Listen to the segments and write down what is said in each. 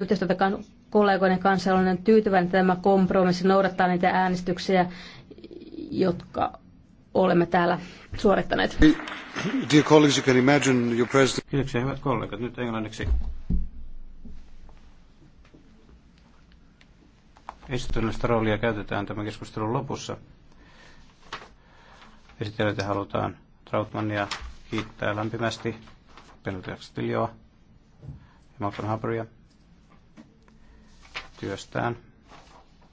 yhteistyötä kollegoiden kanssa olen tyytyväinen, että tämä kompromissi noudattaa niitä äänestyksiä, jotka olemme täällä suorittaneet. Dear colleagues, you can imagine your president... Kiitoksia, hyvät kollegat. Nyt englanniksi. Esittelystä roolia käytetään tämän keskustelun lopussa. Esittelijöitä halutaan Trautmania kiittää lämpimästi, Peneltiakstiljoa ja Malcolm Haberia työstään,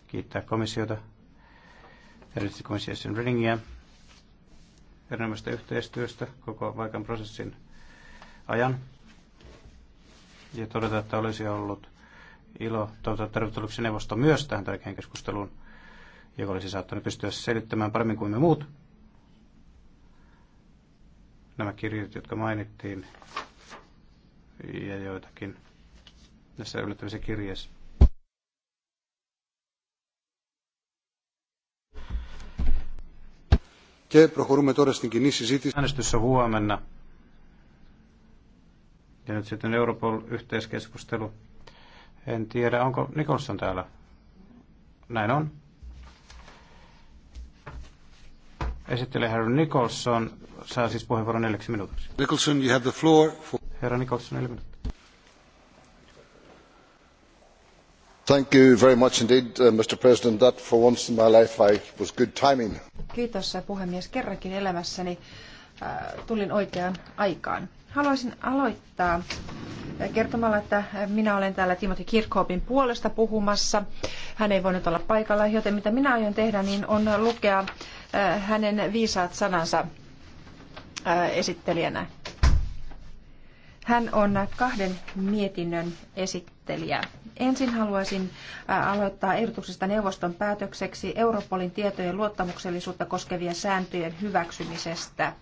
kiittää komissiota, erityisesti komission Redingia, erinomaisesta yhteistyöstä koko vaikan prosessin ajan. Ja todeta, että olisi ollut ilo toivottaa tervetulleeksi neuvosto myös tähän tärkeään keskusteluun, joka olisi saattanut pystyä selittämään paremmin kuin me muut nämä kirjat, jotka mainittiin, ja joitakin tässä yllättävissä kirjeissä Και προχωρούμε τώρα στην κοινή συζήτηση. Äänestyssä huomenna. Ja nyt sitten Europol-yhteiskeskustelu. En tiedä, onko Nikolson täällä. Näin on. Esittelee herra Nicholson. Saa siis puheenvuoron neljäksi minuutiksi. Nicholson, you have the floor for... Herra Nicholson, neljä minuuttia. mr uh, president that for once in my life was good timing. Kiitos uh, puhemies. Kerrankin elämässäni uh, tulin oikeaan aikaan. Haluaisin aloittaa kertomalla, että minä olen täällä Timothy kirkhopen puolesta puhumassa. Hän ei voinut olla paikalla, joten mitä minä aion tehdä, niin on lukea hänen viisaat sanansa esittelijänä. Hän on kahden mietinnön esittelijä. Ensin haluaisin aloittaa ehdotuksesta neuvoston päätökseksi Europolin tietojen luottamuksellisuutta koskevien sääntöjen hyväksymisestä.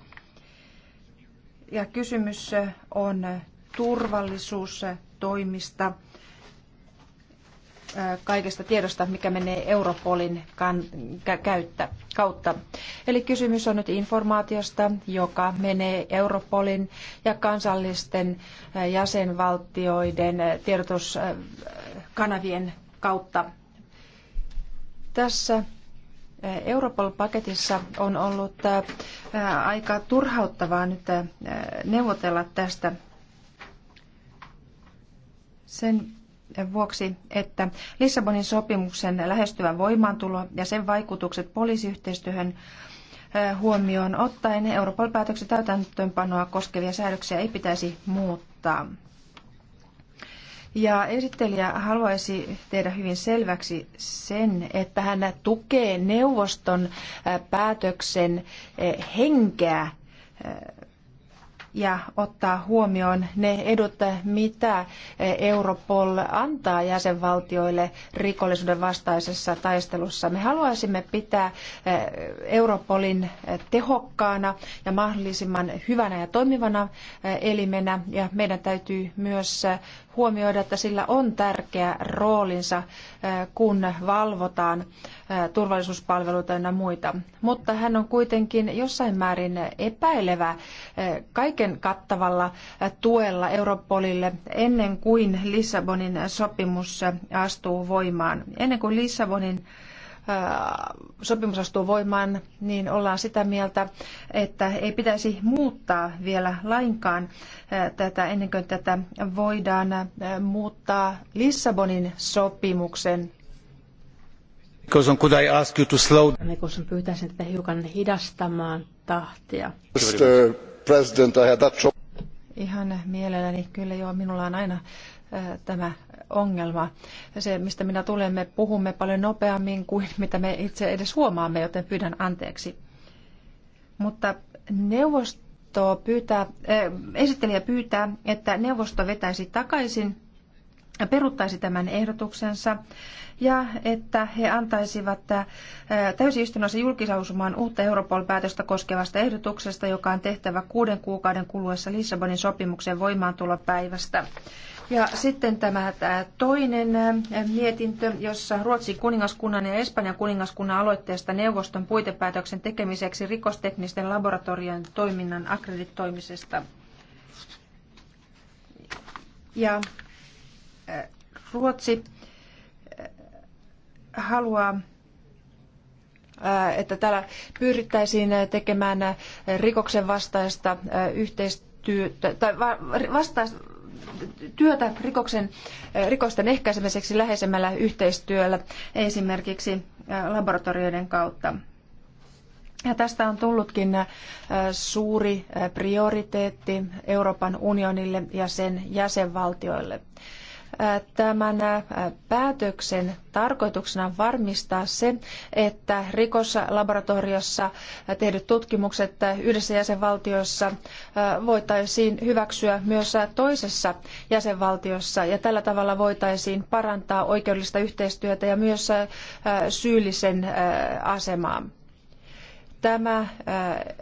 Ja kysymys on turvallisuustoimista kaikesta tiedosta, mikä menee Europolin käyttä, kautta. Eli kysymys on nyt informaatiosta, joka menee Europolin ja kansallisten jäsenvaltioiden tiedotuskanavien kautta. Tässä Europol-paketissa on ollut aika turhauttavaa nyt neuvotella tästä sen vuoksi, että Lissabonin sopimuksen lähestyvä voimaantulo ja sen vaikutukset poliisiyhteistyöhön huomioon ottaen Euroopan päätöksen täytäntöönpanoa koskevia säädöksiä ei pitäisi muuttaa. Ja esittelijä haluaisi tehdä hyvin selväksi sen, että hän tukee neuvoston päätöksen henkeä ja ottaa huomioon ne edut, mitä Europol antaa jäsenvaltioille rikollisuuden vastaisessa taistelussa. Me haluaisimme pitää eh, Europolin eh, tehokkaana ja mahdollisimman hyvänä ja toimivana eh, elimenä ja meidän täytyy myös huomioida, että sillä on tärkeä roolinsa, kun valvotaan turvallisuuspalveluita ja muita. Mutta hän on kuitenkin jossain määrin epäilevä kaiken kaiken kattavalla tuella Europolille ennen kuin Lissabonin sopimus astuu voimaan. Ennen kuin Lissabonin sopimus astuu voimaan, niin ollaan sitä mieltä, että ei pitäisi muuttaa vielä lainkaan tätä ennen kuin tätä voidaan muuttaa Lissabonin sopimuksen. Nikolson, could I ask you to slow... Nicholson, pyytäisin tätä hiukan hidastamaan tahtia. Just, uh... President, I had that trouble. Ihan mielelläni, kyllä joo, minulla on aina tämä ongelma. Se, mistä minä tulen, me puhumme paljon nopeammin kuin mitä me itse edes huomaamme, joten pyydän anteeksi. Mutta neuvosto pyytää, äh, esittelijä pyytää, että neuvosto vetäisi takaisin peruttaisi tämän ehdotuksensa ja että he antaisivat äh, täysistunnossa julkisausumaan uutta Europol-päätöstä koskevasta ehdotuksesta, joka on tehtävä kuuden kuukauden kuluessa Lissabonin sopimuksen voimaantulopäivästä. Ja sitten tämä äh, toinen äh, mietintö, jossa Ruotsin kuningaskunnan ja Espanjan kuningaskunnan aloitteesta neuvoston puitepäätöksen tekemiseksi rikosteknisten laboratorioiden toiminnan akkreditoimisesta. Ja Ruotsi eh, haluaa eh, että täällä pyrittäisiin tekemään rikoksen vastaista eh, yhteistyötä tai vastaista työtä rikoksen, rikosten ehkäisemiseksi läheisemmällä yhteistyöllä, esimerkiksi laboratorioiden kautta. Ja tästä on tullutkin suuri prioriteetti Euroopan unionille ja sen jäsenvaltioille. Tämän päätöksen tarkoituksena on varmistaa se, että rikoslaboratoriossa tehdyt tutkimukset yhdessä jäsenvaltiossa voitaisiin hyväksyä myös toisessa jäsenvaltiossa ja tällä tavalla voitaisiin parantaa oikeudellista yhteistyötä ja myös syyllisen asemaa. Tämä äh,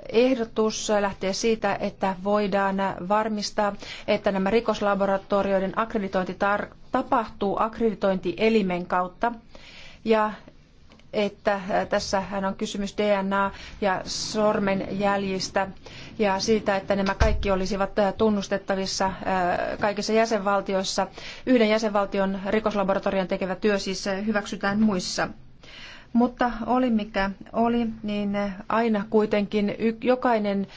ehdotus lähtee siitä, että voidaan varmistaa, että nämä rikoslaboratorioiden akkreditointi tapahtuu akkreditointielimen kautta ja että äh, tässä on kysymys DNA- ja sormenjäljistä ja siitä, että nämä kaikki olisivat äh, tunnustettavissa kaikissa jäsenvaltioissa. Yhden jäsenvaltion rikoslaboratorion tekevä työ siis hyväksytään muissa. Mutta oli mikä oli, niin aina kuitenkin jokainen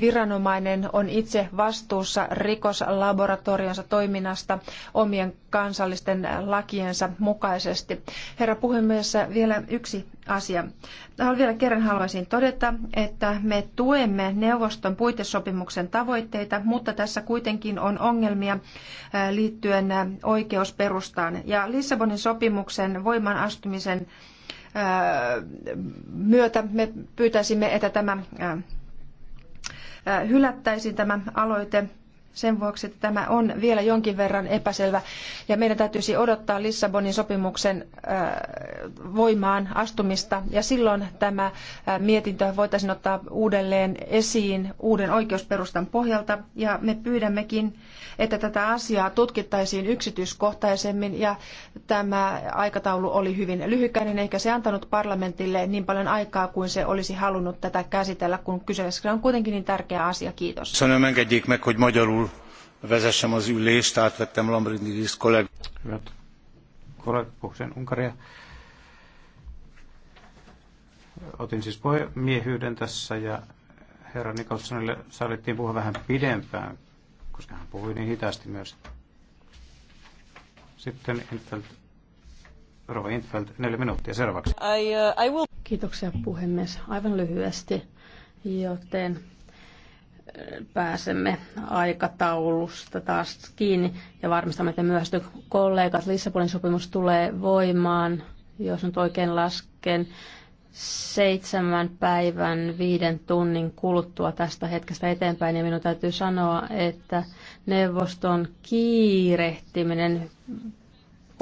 viranomainen on itse vastuussa rikoslaboratorionsa toiminnasta omien kansallisten lakiensa mukaisesti. Herra puhemies, vielä yksi asia. Vielä kerran haluaisin todeta, että me tuemme neuvoston puitesopimuksen tavoitteita, mutta tässä kuitenkin on ongelmia liittyen oikeusperustaan. Ja Lissabonin sopimuksen voimaan astumisen myötä me pyytäisimme, että tämä hylättäisiin tämä aloite sen vuoksi, että tämä on vielä jonkin verran epäselvä ja meidän täytyisi odottaa Lissabonin sopimuksen äh, voimaan astumista ja silloin tämä äh, mietintö voitaisiin ottaa uudelleen esiin uuden oikeusperustan pohjalta ja me pyydämmekin, että tätä asiaa tutkittaisiin yksityiskohtaisemmin ja tämä aikataulu oli hyvin lyhykäinen eikä se antanut parlamentille niin paljon aikaa kuin se olisi halunnut tätä käsitellä, kun kyseessä on kuitenkin niin tärkeä asia. Kiitos. Sanon, engedjék vezessem az ülést, átvettem Lambrinidis kollégát. Unkaria. Otin siis miehyyden tässä ja herra Nikolsonille sallittiin puhua vähän pidempään, koska hän puhui niin hitaasti myös. Sitten Infeld, Rova Infeld, neljä minuuttia seuraavaksi. I, uh, I will... Kiitoksia puhemies. Aivan lyhyesti, joten pääsemme aikataulusta taas kiinni ja varmistamme, että myös kollegat. Lissabonin sopimus tulee voimaan, jos nyt oikein lasken, seitsemän päivän viiden tunnin kuluttua tästä hetkestä eteenpäin. Ja minun täytyy sanoa, että neuvoston kiirehtiminen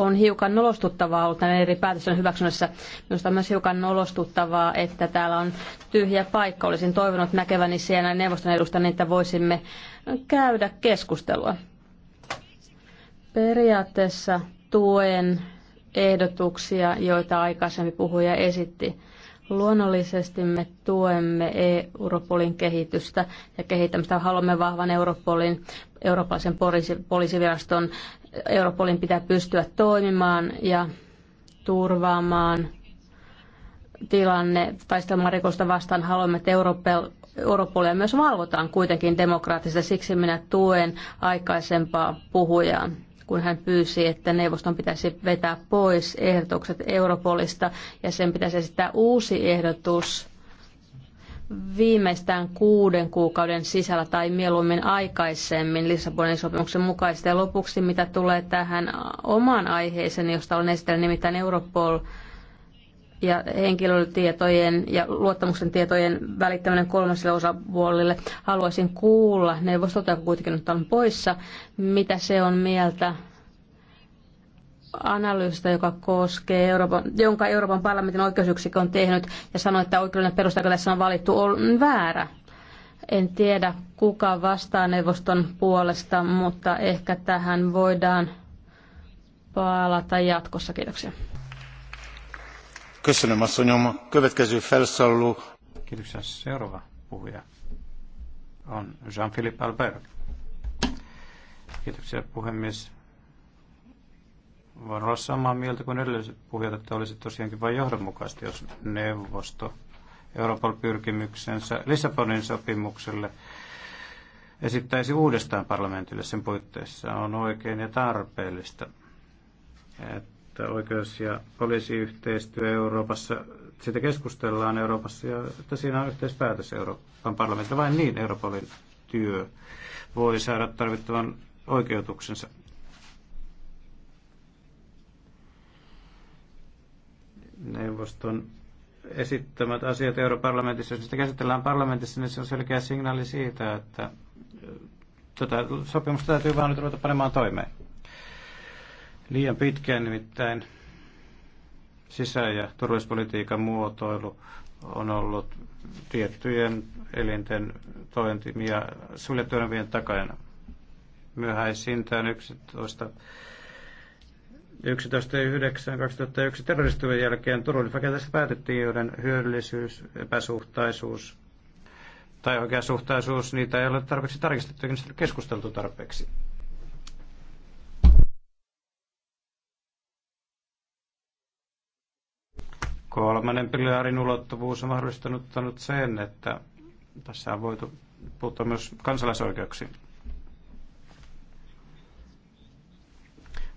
on hiukan nolostuttavaa ollut näiden eri päätösten hyväksynnässä. Minusta on myös hiukan nolostuttavaa, että täällä on tyhjä paikka. Olisin toivonut näkeväni siellä neuvoston edustan, että voisimme käydä keskustelua. Periaatteessa tuen ehdotuksia, joita aikaisemmin puhuja esitti. Luonnollisesti me tuemme Europolin kehitystä ja kehittämistä. Haluamme vahvan Europolin, eurooppalaisen poliisiviraston Europolin pitää pystyä toimimaan ja turvaamaan tilanne taistelemaan rikosta vastaan. Haluamme, että Europol, Europolia myös valvotaan kuitenkin demokraattisesti. Siksi minä tuen aikaisempaa puhujaa kun hän pyysi, että neuvoston pitäisi vetää pois ehdotukset Europolista ja sen pitäisi esittää uusi ehdotus viimeistään kuuden kuukauden sisällä tai mieluummin aikaisemmin Lissabonin sopimuksen mukaisesti. Ja lopuksi mitä tulee tähän omaan aiheeseen, josta olen esitellyt nimittäin Europol ja henkilötietojen ja luottamuksen tietojen välittäminen kolmaselle osapuolille, Haluaisin kuulla neuvostolta, joka kuitenkin nyt on poissa, mitä se on mieltä analyysistä, joka koskee Euroopan, jonka Euroopan parlamentin oikeusyksikkö on tehnyt ja sanoi, että oikeudellinen perusta, joka tässä on valittu, on väärä. En tiedä, kuka vastaa neuvoston puolesta, mutta ehkä tähän voidaan palata jatkossa. Kiitoksia. Köszönöm, asszonyom. Következő felszalló. Kiitoksia. Seuraava puhuja on Jean-Philippe Albert. Kiitoksia, puhemies Voin olla samaa mieltä kuin edelliset puhujat, että olisi tosiaankin vain johdonmukaista, jos neuvosto Euroopan pyrkimyksensä Lissabonin sopimukselle esittäisi uudestaan parlamentille sen puitteissa. On oikein ja tarpeellista, että oikeus- ja poliisiyhteistyö Euroopassa, sitä keskustellaan Euroopassa ja että siinä on yhteispäätös Euroopan parlamentti Vain niin Euroopan työ voi saada tarvittavan oikeutuksensa. neuvoston esittämät asiat europarlamentissa, jos sitä käsitellään parlamentissa, niin se on selkeä signaali siitä, että tätä tota, sopimusta täytyy vaan nyt ruveta panemaan toimeen. Liian pitkään nimittäin sisä- ja turvallisuuspolitiikan muotoilu on ollut tiettyjen elinten tointimia suljettujen takana. Myöhäisintään 11 11.9.2001 terroristujen jälkeen turvallisuuspaketista päätettiin, joiden hyödyllisyys, epäsuhtaisuus tai oikeasuhtaisuus, niitä ei ole tarpeeksi tarkistettu eikä niistä keskusteltu tarpeeksi. Kolmannen pilarin ulottuvuus on mahdollistanut sen, että tässä on voitu puuttua myös kansalaisoikeuksiin.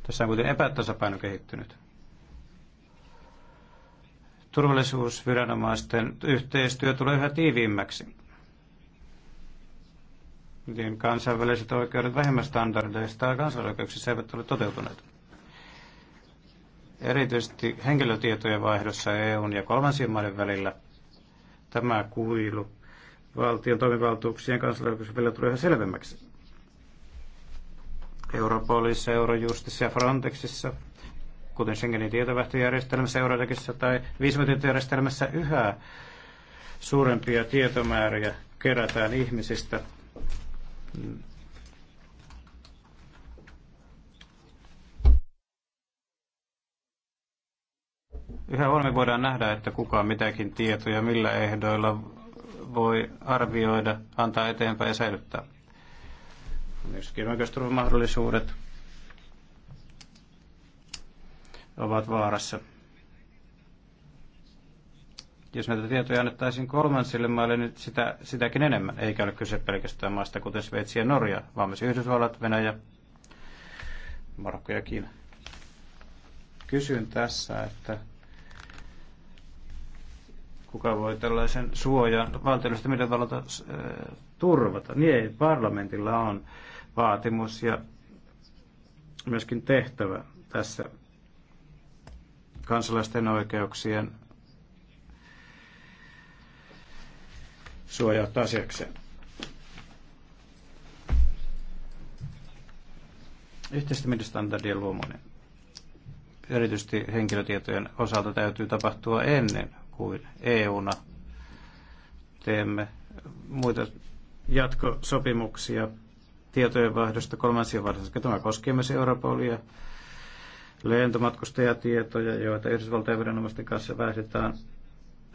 Tässä on kuitenkin epätasapaino kehittynyt. Turvallisuusviranomaisten yhteistyö tulee yhä tiiviimmäksi. Niin kansainväliset oikeudet vähimmästandardeista ja kansalaisoikeuksissa eivät ole toteutuneet. Erityisesti henkilötietojen vaihdossa EUn ja kolmansien maiden välillä tämä kuilu valtion toimivaltuuksien kansalaisoikeuksien välillä tulee yhä selvemmäksi Europolissa, Eurojustissa ja Frontexissa, kuten Schengenin tietovähtöjärjestelmässä, Eurodekissa tai viisumitietojärjestelmässä yhä suurempia tietomääriä kerätään ihmisistä. Yhä olemme voidaan nähdä, että kuka mitäkin tietoja millä ehdoilla voi arvioida, antaa eteenpäin ja säilyttää myöskin oikeusturvamahdollisuudet ovat vaarassa. Jos näitä tietoja annettaisiin kolmansille maille, niin sitä, sitäkin enemmän. Eikä ole kyse pelkästään maista kuten Sveitsi ja Norja, vaan myös Yhdysvallat, Venäjä, Marokko ja Kiina. Kysyn tässä, että kuka voi tällaisen suojan valtiollisesti millä tavalla äh, turvata. Niin ei, parlamentilla on vaatimus ja myöskin tehtävä tässä kansalaisten oikeuksien suojaa asiakseen. Yhteistäminen standardien luominen. Erityisesti henkilötietojen osalta täytyy tapahtua ennen kuin EUna teemme muita jatkosopimuksia tietojen vaihdosta kolmansien vaihdosta. Tämä koskee myös Europolia lentomatkustajatietoja, joita Yhdysvaltain viranomaisten kanssa vaihdetaan.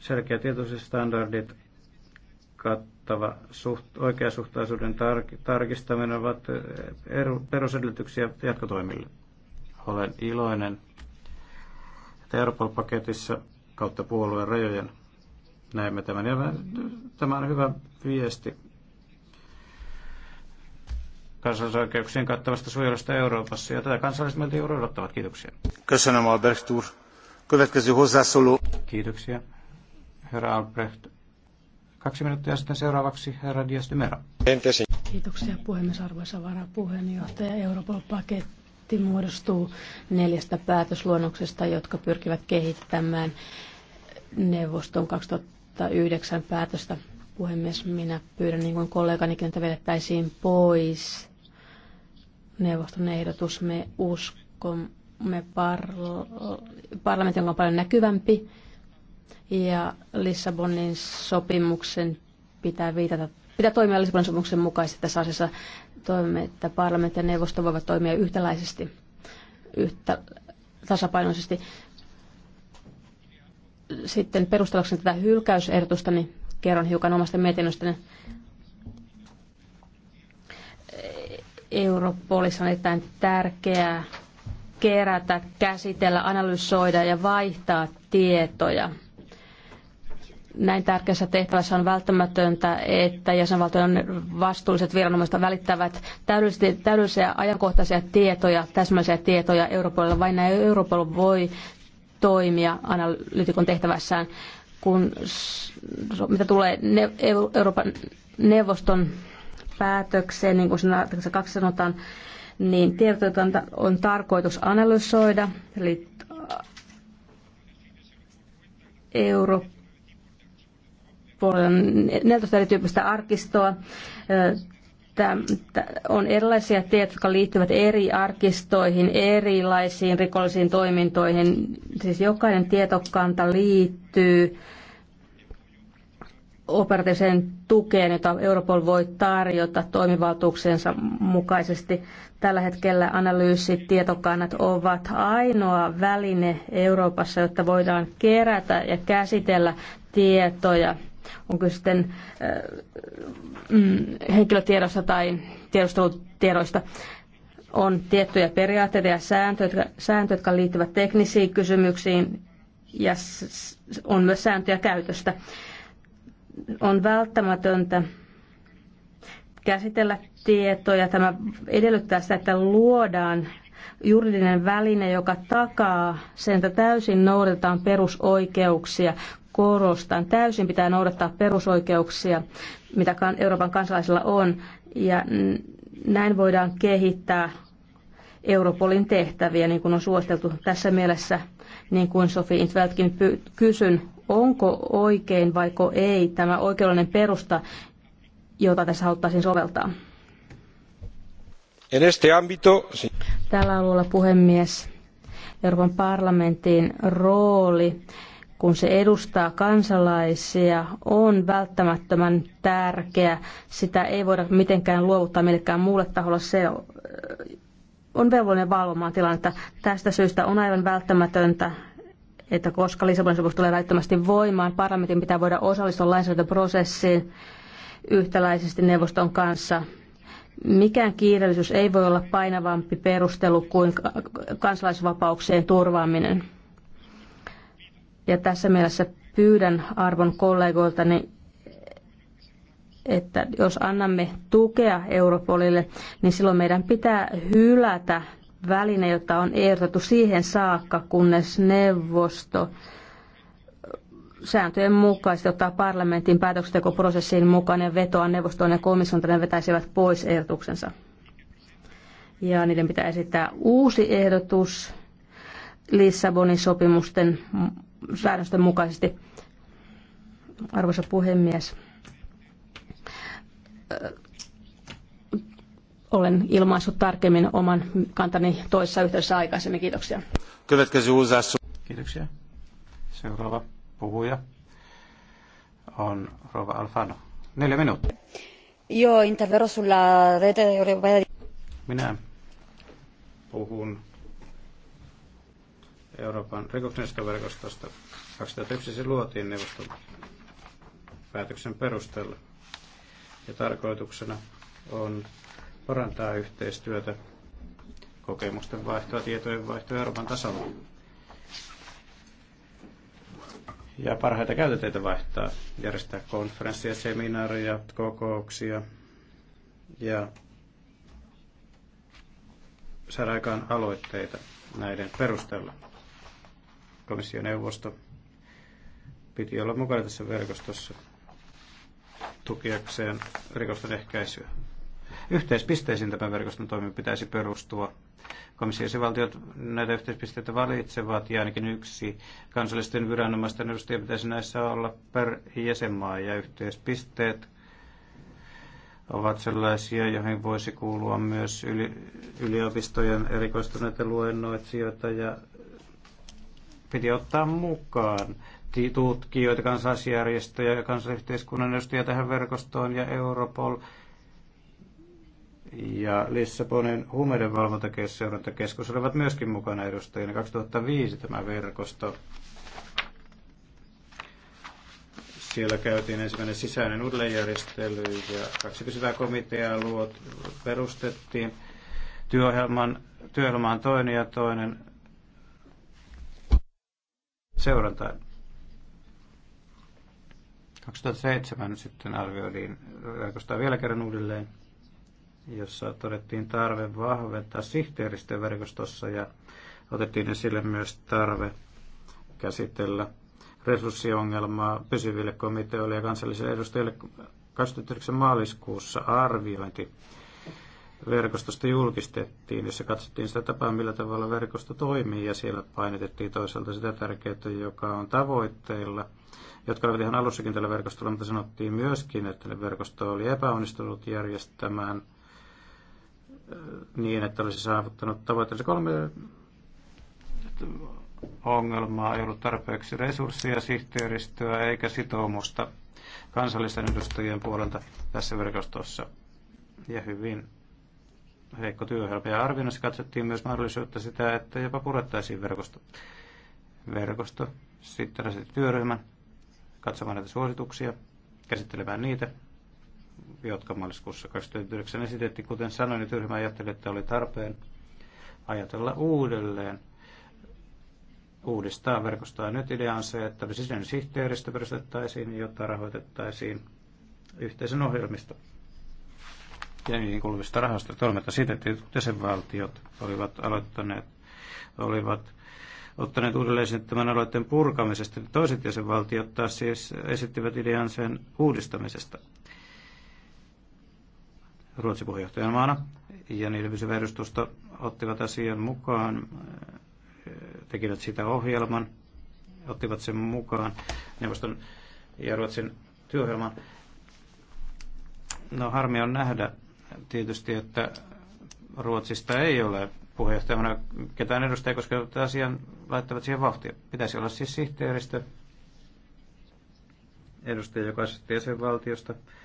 Selkeä tietoiset standardit, kattava suht, oikeasuhtaisuuden tar, tarkistaminen ovat eh, eru, perusedellytyksiä jatkotoimille. Olen iloinen, että Europol-paketissa kautta puolueen rajojen näemme tämän. Ja tämä on hyvä viesti kansalaisoikeuksien kattavasta suojelusta Euroopassa, ja tätä kansalaiset meiltä juuri odottavat. Kiitoksia. Köszönöm, Albrecht úr. Következő hozzászóló. Kiitoksia, herra Albrecht. Kaksi minuuttia sitten seuraavaksi herra Dias Dymera. Kiitoksia puhemies, arvoisa varapuheenjohtaja. Euroopan paketti muodostuu neljästä päätösluonnoksesta, jotka pyrkivät kehittämään neuvoston 2009 päätöstä puhemies, minä pyydän niin kuin kolleganikin, että vedettäisiin pois neuvoston ehdotus. Me uskomme parl- parlamentin, joka on paljon näkyvämpi, ja Lissabonin sopimuksen pitää viitata pitää toimia Lissabonin sopimuksen mukaisesti tässä asiassa. toimme, että parlamentti ja neuvosto voivat toimia yhtäläisesti, yhtä tasapainoisesti. Sitten perustellakseni tätä hylkäysehdotusta, niin kerron hiukan omasta mietinnöstäni. Europolissa on erittäin tärkeää kerätä, käsitellä, analysoida ja vaihtaa tietoja. Näin tärkeässä tehtävässä on välttämätöntä, että jäsenvaltion vastuulliset viranomaiset välittävät täydellisiä ajankohtaisia tietoja, täsmällisiä tietoja Europolille. Vain näin Europol voi toimia analyytikon tehtävässään, kun mitä tulee Euroopan neuvoston päätökseen, niin kuin se kaksi sanotaan, niin tietoja on tarkoitus analysoida, eli äh, Euroopan 14 erityyppistä arkistoa. Äh, on erilaisia tietoja, jotka liittyvät eri arkistoihin, erilaisiin rikollisiin toimintoihin. Siis jokainen tietokanta liittyy operatiiviseen tukeen, jota Europol voi tarjota toimivaltuuksiensa mukaisesti. Tällä hetkellä analyysitietokannat ovat ainoa väline Euroopassa, jotta voidaan kerätä ja käsitellä tietoja. Onko sitten äh, mm, henkilötiedosta tai tiedustelutiedoista on tiettyjä periaatteita ja sääntöjä, jotka, sääntöjä, jotka liittyvät teknisiin kysymyksiin ja on myös sääntöjä käytöstä on välttämätöntä käsitellä tietoja. Tämä edellyttää sitä, että luodaan juridinen väline, joka takaa sen, että täysin noudatetaan perusoikeuksia. Korostan, täysin pitää noudattaa perusoikeuksia, mitä Euroopan kansalaisilla on, ja näin voidaan kehittää Europolin tehtäviä, niin kuin on suositeltu tässä mielessä, niin kuin Sofi Intveltkin kysyn, onko oikein vaiko ei tämä oikeudellinen perusta, jota tässä haluttaisiin soveltaa. En este Tällä alueella puhemies Euroopan parlamentin rooli, kun se edustaa kansalaisia, on välttämättömän tärkeä. Sitä ei voida mitenkään luovuttaa millekään muulle taholle. Se on velvollinen valvomaan tilannetta. Tästä syystä on aivan välttämätöntä, että koska Lissabonin sopimus tulee välittömästi voimaan, parlamentin pitää voida osallistua lainsäädäntöprosessiin yhtäläisesti neuvoston kanssa. Mikään kiireellisyys ei voi olla painavampi perustelu kuin kansalaisvapauksien turvaaminen. Ja tässä mielessä pyydän arvon kollegoiltani, että jos annamme tukea Europolille, niin silloin meidän pitää hylätä väline, jota on ehdotettu siihen saakka, kunnes neuvosto sääntöjen mukaisesti ottaa parlamentin päätöksentekoprosessiin mukaan ja vetoa neuvostoon ja komission, että ne vetäisivät pois ehdotuksensa. Ja niiden pitää esittää uusi ehdotus Lissabonin sopimusten säännösten mukaisesti. Arvoisa puhemies, olen ilmaissut tarkemmin oman kantani toisessa yhteydessä aikaisemmin. Kiitoksia. Kiitoksia. Seuraava puhuja on Rova Alfano. Neljä minuuttia. Joo, intervero sulla rete Minä puhun Euroopan rikosneuvostoverkostosta. 2001 se luotiin neuvoston päätöksen perusteella. Ja tarkoituksena on parantaa yhteistyötä, kokemusten vaihtoa, tietojen vaihtoa Euroopan tasolla ja parhaita käytänteitä vaihtaa, järjestää konferensseja, seminaareja, kokouksia ja saada aikaan aloitteita näiden perusteella. Komissioneuvosto piti olla mukana tässä verkostossa tukiakseen rikosten ehkäisyä. Yhteispisteisiin tämän verkoston toimin pitäisi perustua. Komissiovaltiot näitä yhteispisteitä valitsevat ja ainakin yksi kansallisten viranomaisten edustaja pitäisi näissä olla per jäsenmaa ja yhteispisteet ovat sellaisia, joihin voisi kuulua myös yli, yliopistojen erikoistuneita luennoitsijoita ja piti ottaa mukaan tutkijoita, kansalaisjärjestöjä ja kansalaisyhteiskunnan edustajia tähän verkostoon ja Europol ja Lissabonin huumeiden valvontakeskus olivat myöskin mukana edustajina 2005 tämä verkosto. Siellä käytiin ensimmäinen sisäinen uudelleenjärjestely ja kaksi pysyvää komiteaa luot, perustettiin. Työohjelman, työohjelma on toinen ja toinen seurantaa. 2007 sitten arvioitiin verkostoa vielä kerran uudelleen jossa todettiin tarve vahventaa sihteeristön verkostossa ja otettiin esille myös tarve käsitellä resurssiongelmaa pysyville komiteoille ja kansallisille edustajille 29. maaliskuussa arviointi verkostosta julkistettiin, jossa katsottiin sitä tapaa, millä tavalla verkosto toimii, ja siellä painotettiin toisaalta sitä tärkeyttä, joka on tavoitteilla, jotka olivat ihan alussakin tällä verkostolla, mutta sanottiin myöskin, että verkosto oli epäonnistunut järjestämään – niin, että olisi saavuttanut tavoitteensa kolme ongelmaa, ei ollut tarpeeksi resursseja, sihteeristöä eikä sitoumusta kansallisten edustajien puolelta tässä verkostossa. Ja hyvin heikko työhelpo. Ja arvioinnissa katsottiin myös mahdollisuutta sitä, että jopa purettaisiin verkosto. Verkosto sitten työryhmän katsomaan näitä suosituksia, käsittelemään niitä jotka maaliskuussa 2009 esitettiin. Kuten sanoin, niin työryhmä ajatteli, että oli tarpeen ajatella uudelleen uudistaa verkostoa. Nyt idea on se, että sisäinen sihteeristö perustettaisiin, jotta rahoitettaisiin yhteisen ohjelmista ja niihin kuuluvista rahoista toiminta siitä, että jäsenvaltiot olivat aloittaneet, olivat ottaneet uudelleen tämän aloitteen purkamisesta. Toiset jäsenvaltiot taas siis esittivät idean sen uudistamisesta. Ruotsi puheenjohtajamaana ja niiden pysyvä edustusta ottivat asian mukaan, äh, tekivät sitä ohjelman, ottivat sen mukaan neuvoston ja Ruotsin työohjelman. No harmi on nähdä tietysti, että Ruotsista ei ole puheenjohtajana ketään edustaja, koska asian laittavat siihen vauhtia. Pitäisi olla siis sihteeristö, edustaja jokaisesta jäsenvaltiosta. valtiosta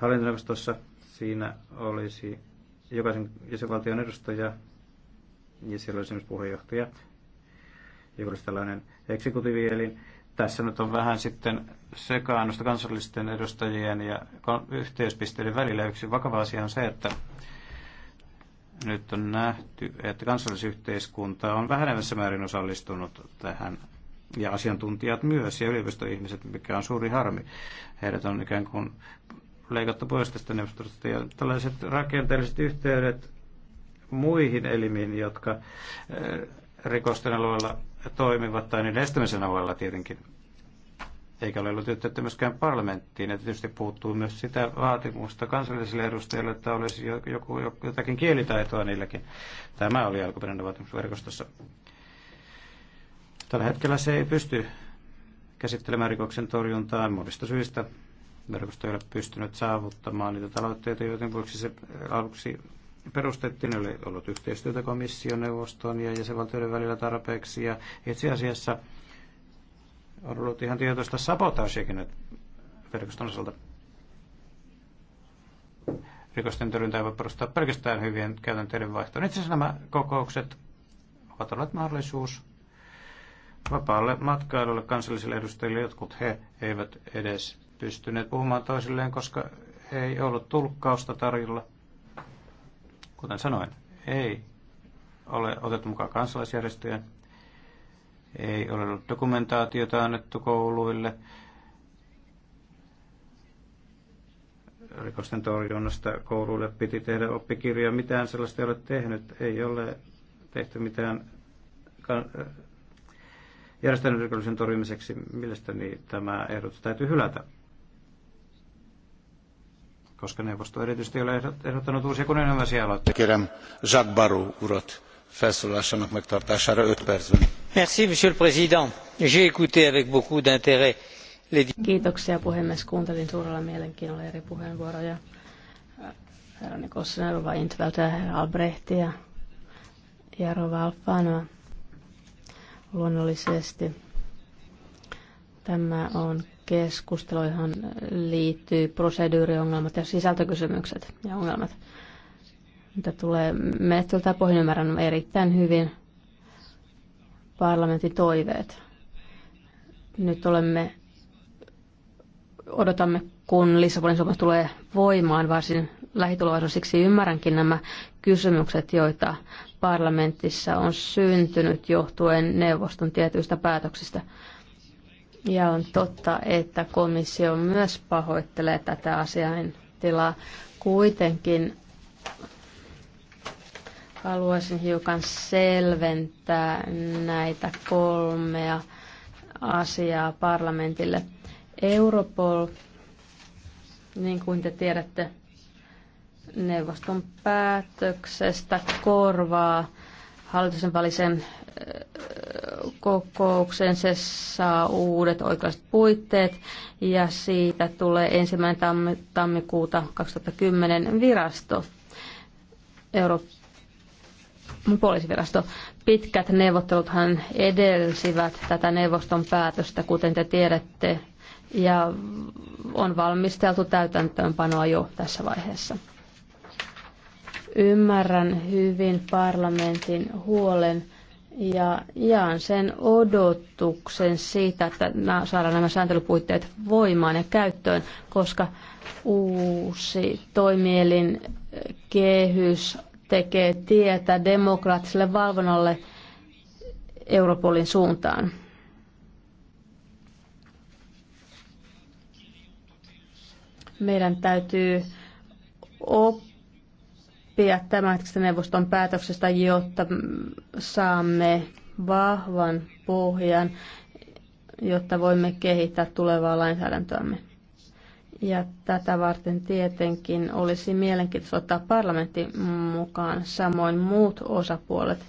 hallintoneuvostossa. Siinä olisi jokaisen jäsenvaltion edustaja ja siellä olisi myös puheenjohtaja, joka olisi tällainen eksekutiivielin. Tässä nyt on vähän sitten sekaannusta kansallisten edustajien ja yhteyspisteiden välillä. Yksi vakava asia on se, että nyt on nähty, että kansallisyhteiskunta on vähenevässä määrin osallistunut tähän ja asiantuntijat myös ja yliopistoihmiset, mikä on suuri harmi. Heidät on ikään kuin leikattu pois tästä neuvostosta. Ja tällaiset rakenteelliset yhteydet muihin elimiin, jotka eh, rikosten alueella toimivat tai niiden estämisen alueella tietenkin. Eikä ole ollut yhteyttä myöskään parlamenttiin. Ja tietysti puuttuu myös sitä vaatimusta kansallisille edustajille, että olisi joku, jotakin kielitaitoa niilläkin. Tämä oli alkuperäinen vaatimus verkostossa. Tällä hetkellä se ei pysty käsittelemään rikoksen torjuntaa monista syistä verkosto ei ole pystynyt saavuttamaan niitä tavoitteita, joiden vuoksi se aluksi perustettiin, oli ollut yhteistyötä komission, neuvoston ja jäsenvaltioiden välillä tarpeeksi. Ja itse asiassa on ollut ihan tietoista sabotaasiakin verkoston osalta. Rikosten törjyntä ei voi perustaa pelkästään hyvien käytänteiden vaihtoon. Itse asiassa nämä kokoukset ovat olleet mahdollisuus vapaalle matkailulle kansallisille edustajille. Jotkut he eivät edes pystyneet puhumaan toisilleen, koska ei ollut tulkkausta tarjolla. Kuten sanoin, ei ole otettu mukaan kansalaisjärjestöjä, ei ole ollut dokumentaatiota annettu kouluille, rikosten torjunnasta kouluille piti tehdä oppikirja, mitään sellaista ei ole tehnyt, ei ole tehty mitään järjestäytyneen rikollisen torjumiseksi. Mielestäni tämä ehdotus täytyy hylätä koska neuvosto erityisesti ei ole ehdottanut uusia kunnianhimoisia aloitteita. Kérem Jacques Barrou urat felszólásának megtartására 5 percben. Merci, monsieur le président. J'ai écouté avec beaucoup d'intérêt les... Kiitoksia puhemies. Kuuntelin suurella mielenkiinnolla eri puheenvuoroja. Äh, herra Nikosson, Rova Intveltä, Albrehtia ja Rova Alfanoa. Luonnollisesti tämä on keskusteluihan liittyy proseduuriongelmat ja sisältökysymykset ja ongelmat. Mitä tulee menettelytapoihin, pohjimmäärän erittäin hyvin parlamentin toiveet. Nyt olemme, odotamme, kun Lissabonin sopimus tulee voimaan varsin lähitulevaisuudessa. Siksi ymmärränkin nämä kysymykset, joita parlamentissa on syntynyt johtuen neuvoston tietyistä päätöksistä. Ja on totta, että komissio myös pahoittelee tätä asian tilaa. Kuitenkin haluaisin hiukan selventää näitä kolmea asiaa parlamentille. Europol, niin kuin te tiedätte, neuvoston päätöksestä korvaa hallitusten välisen kokoukseen se saa uudet oikeudelliset puitteet ja siitä tulee ensimmäinen tammi, tammikuuta 2010 virasto, Euroopan poliisivirasto. Pitkät neuvotteluthan edelsivät tätä neuvoston päätöstä, kuten te tiedätte, ja on valmisteltu täytäntöönpanoa jo tässä vaiheessa ymmärrän hyvin parlamentin huolen ja jaan sen odotuksen siitä, että saadaan nämä sääntelypuitteet voimaan ja käyttöön, koska uusi toimielin kehys tekee tietä demokraattiselle valvonnalle Europolin suuntaan. Meidän täytyy oppia oppia tämän neuvoston päätöksestä, jotta saamme vahvan pohjan, jotta voimme kehittää tulevaa lainsäädäntöämme. Ja tätä varten tietenkin olisi mielenkiintoista ottaa parlamentti mukaan, samoin muut osapuolet,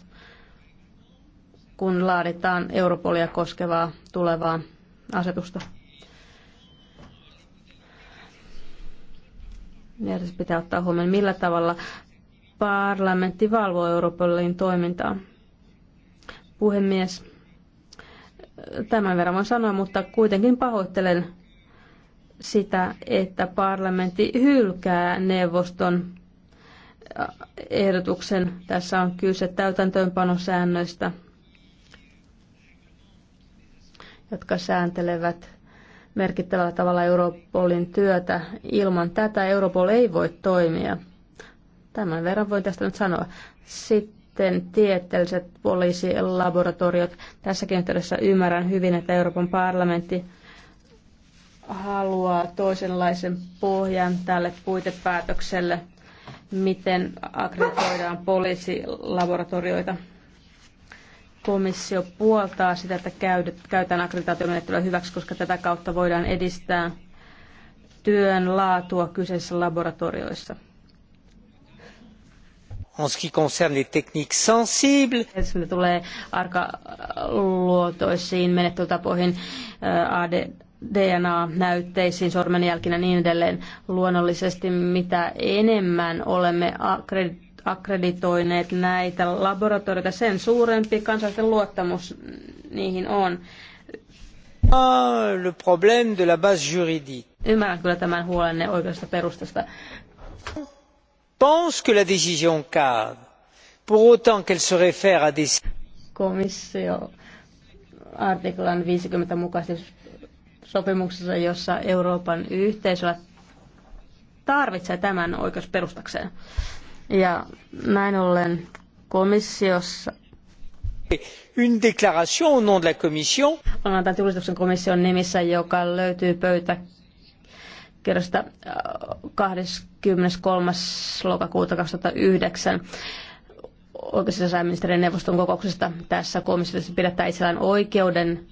kun laaditaan Europolia koskevaa tulevaa asetusta. Ja tässä pitää ottaa huomioon, millä tavalla parlamentti valvoo Europolin toimintaa. Puhemies, tämän verran voin sanoa, mutta kuitenkin pahoittelen sitä, että parlamentti hylkää neuvoston ehdotuksen. Tässä on kyse täytäntöönpanosäännöistä, jotka sääntelevät merkittävällä tavalla Europolin työtä. Ilman tätä Europol ei voi toimia – Tämän verran voin tästä nyt sanoa. Sitten tieteelliset poliisilaboratoriot. Tässäkin yhteydessä ymmärrän hyvin, että Euroopan parlamentti haluaa toisenlaisen pohjan tälle puitepäätökselle, miten akkreditoidaan poliisilaboratorioita. Komissio puoltaa sitä, että käytetään akkreditaatiomenettelyä hyväksi, koska tätä kautta voidaan edistää työn laatua kyseisissä laboratorioissa en ce qui concerne les techniques sensibles. Mitä tulee arkaluotoisiin menettelytapoihin, AD, DNA-näytteisiin, sormenjälkinä ja niin edelleen. Luonnollisesti mitä enemmän olemme akkreditoineet näitä laboratorioita, sen suurempi kansalaisten luottamus niihin on. Ah, le problème de la base juridique. Ymmärrän kyllä tämän huolenne oikeasta perustasta pense que la décision cadre pour autant qu'elle se réfère à des komissio artiklan 50 mukaisesti sopimuksessa, jossa Euroopan yhteisöllä tarvitsee tämän oikeusperustakseen. Ja näin ollen komissiossa une déclaration au nom de la commission. Annan tämän julistuksen komission nimissä, joka löytyy pöytäkirjasta kirjasta 23. Äh, lokakuuta 2009 oikeusisäministerin neuvoston kokouksesta tässä komissiossa pidetään itsellään oikeuden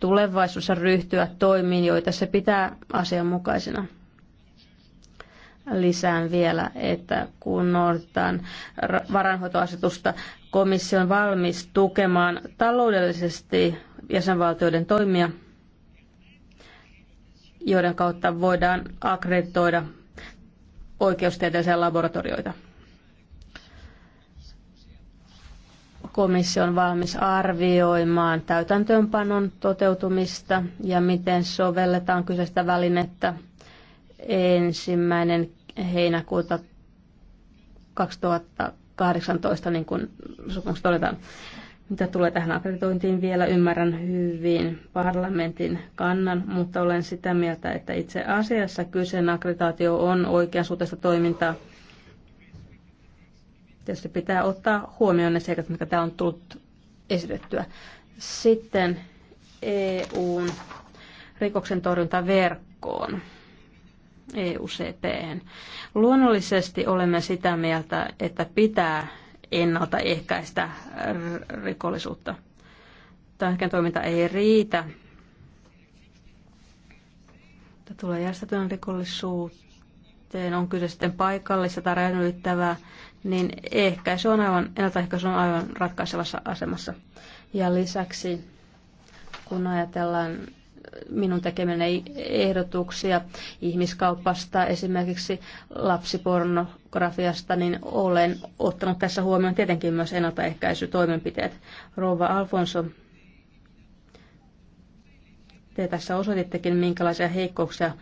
tulevaisuudessa ryhtyä toimiin, joita se pitää asianmukaisina. Lisään vielä, että kun noudatetaan varanhoitoasetusta, komissio on valmis tukemaan taloudellisesti jäsenvaltioiden toimia – joiden kautta voidaan akkreditoida oikeustieteellisiä laboratorioita. Komissio on valmis arvioimaan täytäntöönpanon toteutumista ja miten sovelletaan kyseistä välinettä ensimmäinen heinäkuuta 2018, niin kuin sopimuksessa todetaan. Mitä tulee tähän akkreditointiin vielä, ymmärrän hyvin parlamentin kannan, mutta olen sitä mieltä, että itse asiassa kyseinen akkreditaatio on oikeansuuntaista toimintaa. Tietysti pitää ottaa huomioon ne seikat, mitkä täällä on tullut esitettyä. Sitten EUn rikoksen torjuntaverkkoon. EUCP. Luonnollisesti olemme sitä mieltä, että pitää ennaltaehkäistä rikollisuutta. Tämä toiminta ei riitä. Tämä tulee järjestetyn rikollisuuteen, on kyse sitten paikallista tai rajan ylittävää, niin ehkäisy on aivan, ennaltaehkäisy on aivan ratkaisevassa asemassa. Ja lisäksi, kun ajatellaan minun tekemäni ehdotuksia ihmiskaupasta, esimerkiksi lapsipornografiasta, niin olen ottanut tässä huomioon tietenkin myös ennaltaehkäisytoimenpiteet. Rouva Alfonso, te tässä osoitittekin, minkälaisia heikkouksia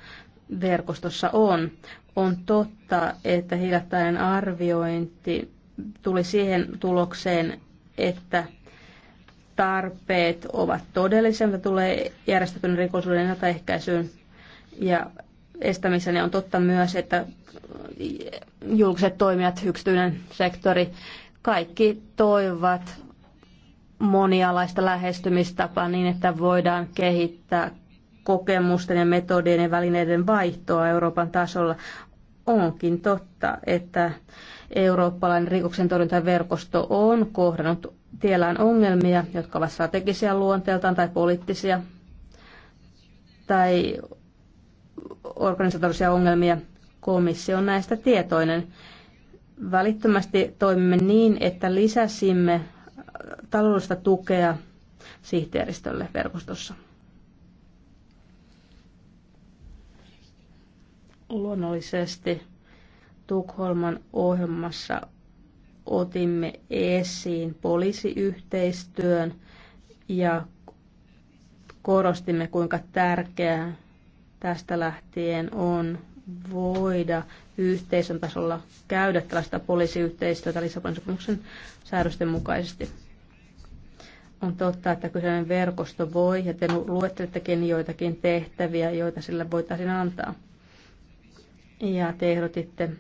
verkostossa on. On totta, että hiljattainen arviointi tuli siihen tulokseen, että tarpeet ovat todellisia, mitä tulee järjestetyn rikollisuuden ennaltaehkäisyyn ja estämiseen. Ja on totta myös, että julkiset toimijat, yksityinen sektori, kaikki toivat monialaista lähestymistapaa niin, että voidaan kehittää kokemusten ja metodien ja välineiden vaihtoa Euroopan tasolla. Onkin totta, että eurooppalainen rikoksen torjuntaverkosto on kohdannut Tiellä on ongelmia, jotka ovat strategisia luonteeltaan tai poliittisia tai organisatorisia ongelmia. Komissio on näistä tietoinen. Välittömästi toimimme niin, että lisäsimme taloudellista tukea sihteeristölle verkostossa. Luonnollisesti Tukholman ohjelmassa otimme esiin poliisiyhteistyön ja korostimme, kuinka tärkeää tästä lähtien on voida yhteisön tasolla käydä tällaista poliisiyhteistyötä Lissabonin sopimuksen säädösten mukaisesti. On totta, että kyseinen verkosto voi, ja te luettelettekin joitakin tehtäviä, joita sillä voitaisiin antaa. Ja te ehdotitte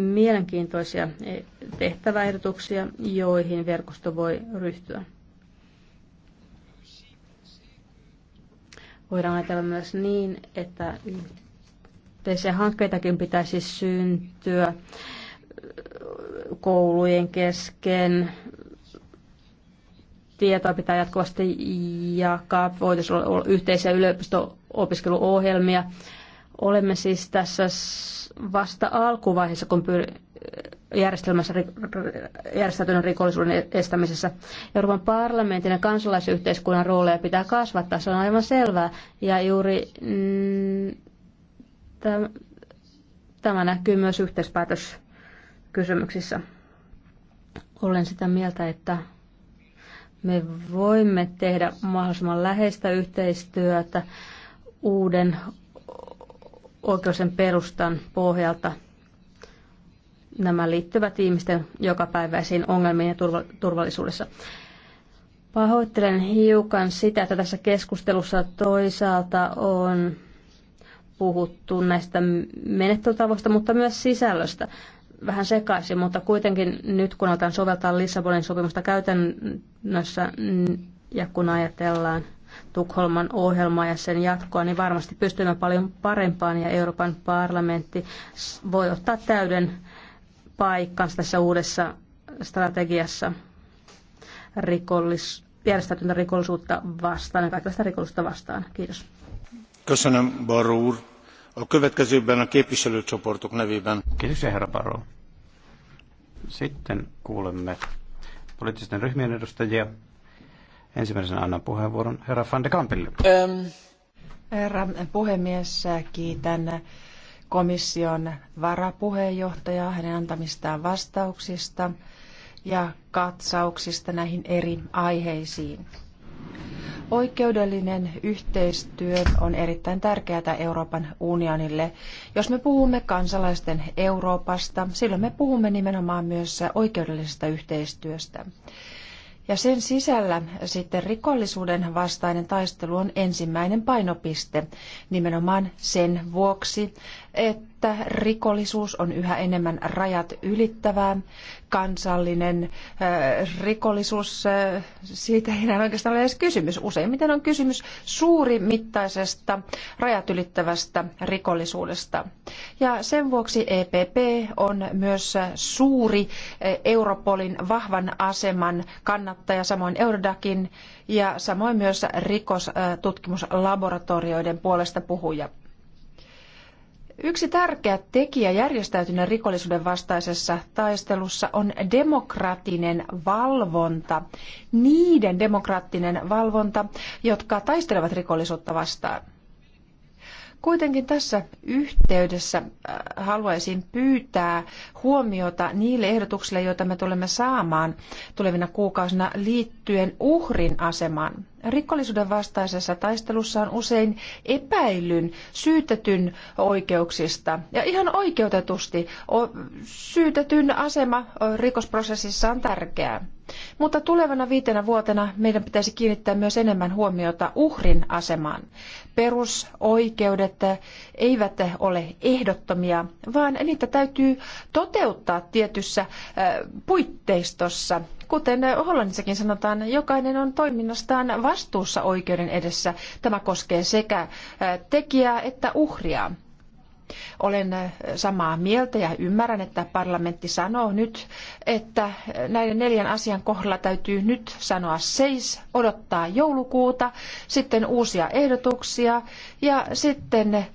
mielenkiintoisia tehtäväehdotuksia, joihin verkosto voi ryhtyä. Voidaan ajatella myös niin, että yhteisiä hankkeitakin pitäisi syntyä koulujen kesken. Tietoa pitää jatkuvasti jakaa, voitaisiin olla yhteisiä yliopisto-opiskeluohjelmia Olemme siis tässä vasta alkuvaiheessa, kun pyr- järjestelmässä, järjestäytyneen rikollisuuden e- estämisessä. Euroopan parlamentin ja kansalaisyhteiskunnan rooleja pitää kasvattaa, se on aivan selvää. Ja juuri mm, tämä näkyy myös yhteispäätöskysymyksissä. Olen sitä mieltä, että me voimme tehdä mahdollisimman läheistä yhteistyötä uuden oikeuden perustan pohjalta. Nämä liittyvät ihmisten jokapäiväisiin ongelmiin ja turvallisuudessa. Pahoittelen hiukan sitä, että tässä keskustelussa toisaalta on puhuttu näistä menettelytavoista, mutta myös sisällöstä vähän sekaisin, mutta kuitenkin nyt kun otan soveltaa Lissabonin sopimusta käytännössä ja kun ajatellaan – Tukholman ohjelmaa ja sen jatkoa, niin varmasti pystymme paljon parempaan ja Euroopan parlamentti voi ottaa täyden paikkansa tässä uudessa strategiassa rikollis, järjestäytyntä rikollisuutta vastaan ja kaikenlaista rikollisuutta vastaan. Kiitos. Köszönöm, Baró úr. A következőben a képviselőcsoportok nevében. Kiitoksia, herra Baró. Sitten kuulemme poliittisten ryhmien edustajia. Ensimmäisenä annan puheenvuoron herra Van de Kampille. Ähm. Herra puhemies, kiitän komission varapuheenjohtajaa hänen antamistaan vastauksista ja katsauksista näihin eri aiheisiin. Oikeudellinen yhteistyö on erittäin tärkeää Euroopan unionille. Jos me puhumme kansalaisten Euroopasta, silloin me puhumme nimenomaan myös oikeudellisesta yhteistyöstä. Ja sen sisällä sitten rikollisuuden vastainen taistelu on ensimmäinen painopiste nimenomaan sen vuoksi, että että rikollisuus on yhä enemmän rajat ylittävää. Kansallinen äh, rikollisuus, äh, siitä ei enää oikeastaan ole edes kysymys. Useimmiten on kysymys suurimittaisesta rajat ylittävästä rikollisuudesta. Ja sen vuoksi EPP on myös suuri äh, Europolin vahvan aseman kannattaja, samoin Eurodakin ja samoin myös rikostutkimuslaboratorioiden puolesta puhuja. Yksi tärkeä tekijä järjestäytyneen rikollisuuden vastaisessa taistelussa on demokraattinen valvonta. Niiden demokraattinen valvonta, jotka taistelevat rikollisuutta vastaan. Kuitenkin tässä yhteydessä äh, haluaisin pyytää huomiota niille ehdotuksille, joita me tulemme saamaan tulevina kuukausina liittyen uhrin asemaan. Rikollisuuden vastaisessa taistelussa on usein epäilyn, syytetyn oikeuksista ja ihan oikeutetusti syytetyn asema rikosprosessissa on tärkeää. Mutta tulevana viitenä vuotena meidän pitäisi kiinnittää myös enemmän huomiota uhrin asemaan. Perusoikeudet eivät ole ehdottomia, vaan niitä täytyy toteuttaa tietyssä puitteistossa, Kuten Hollannissakin sanotaan, jokainen on toiminnastaan vastuussa oikeuden edessä. Tämä koskee sekä tekijää että uhria. Olen samaa mieltä ja ymmärrän, että parlamentti sanoo nyt, että näiden neljän asian kohdalla täytyy nyt sanoa seis, odottaa joulukuuta, sitten uusia ehdotuksia ja sitten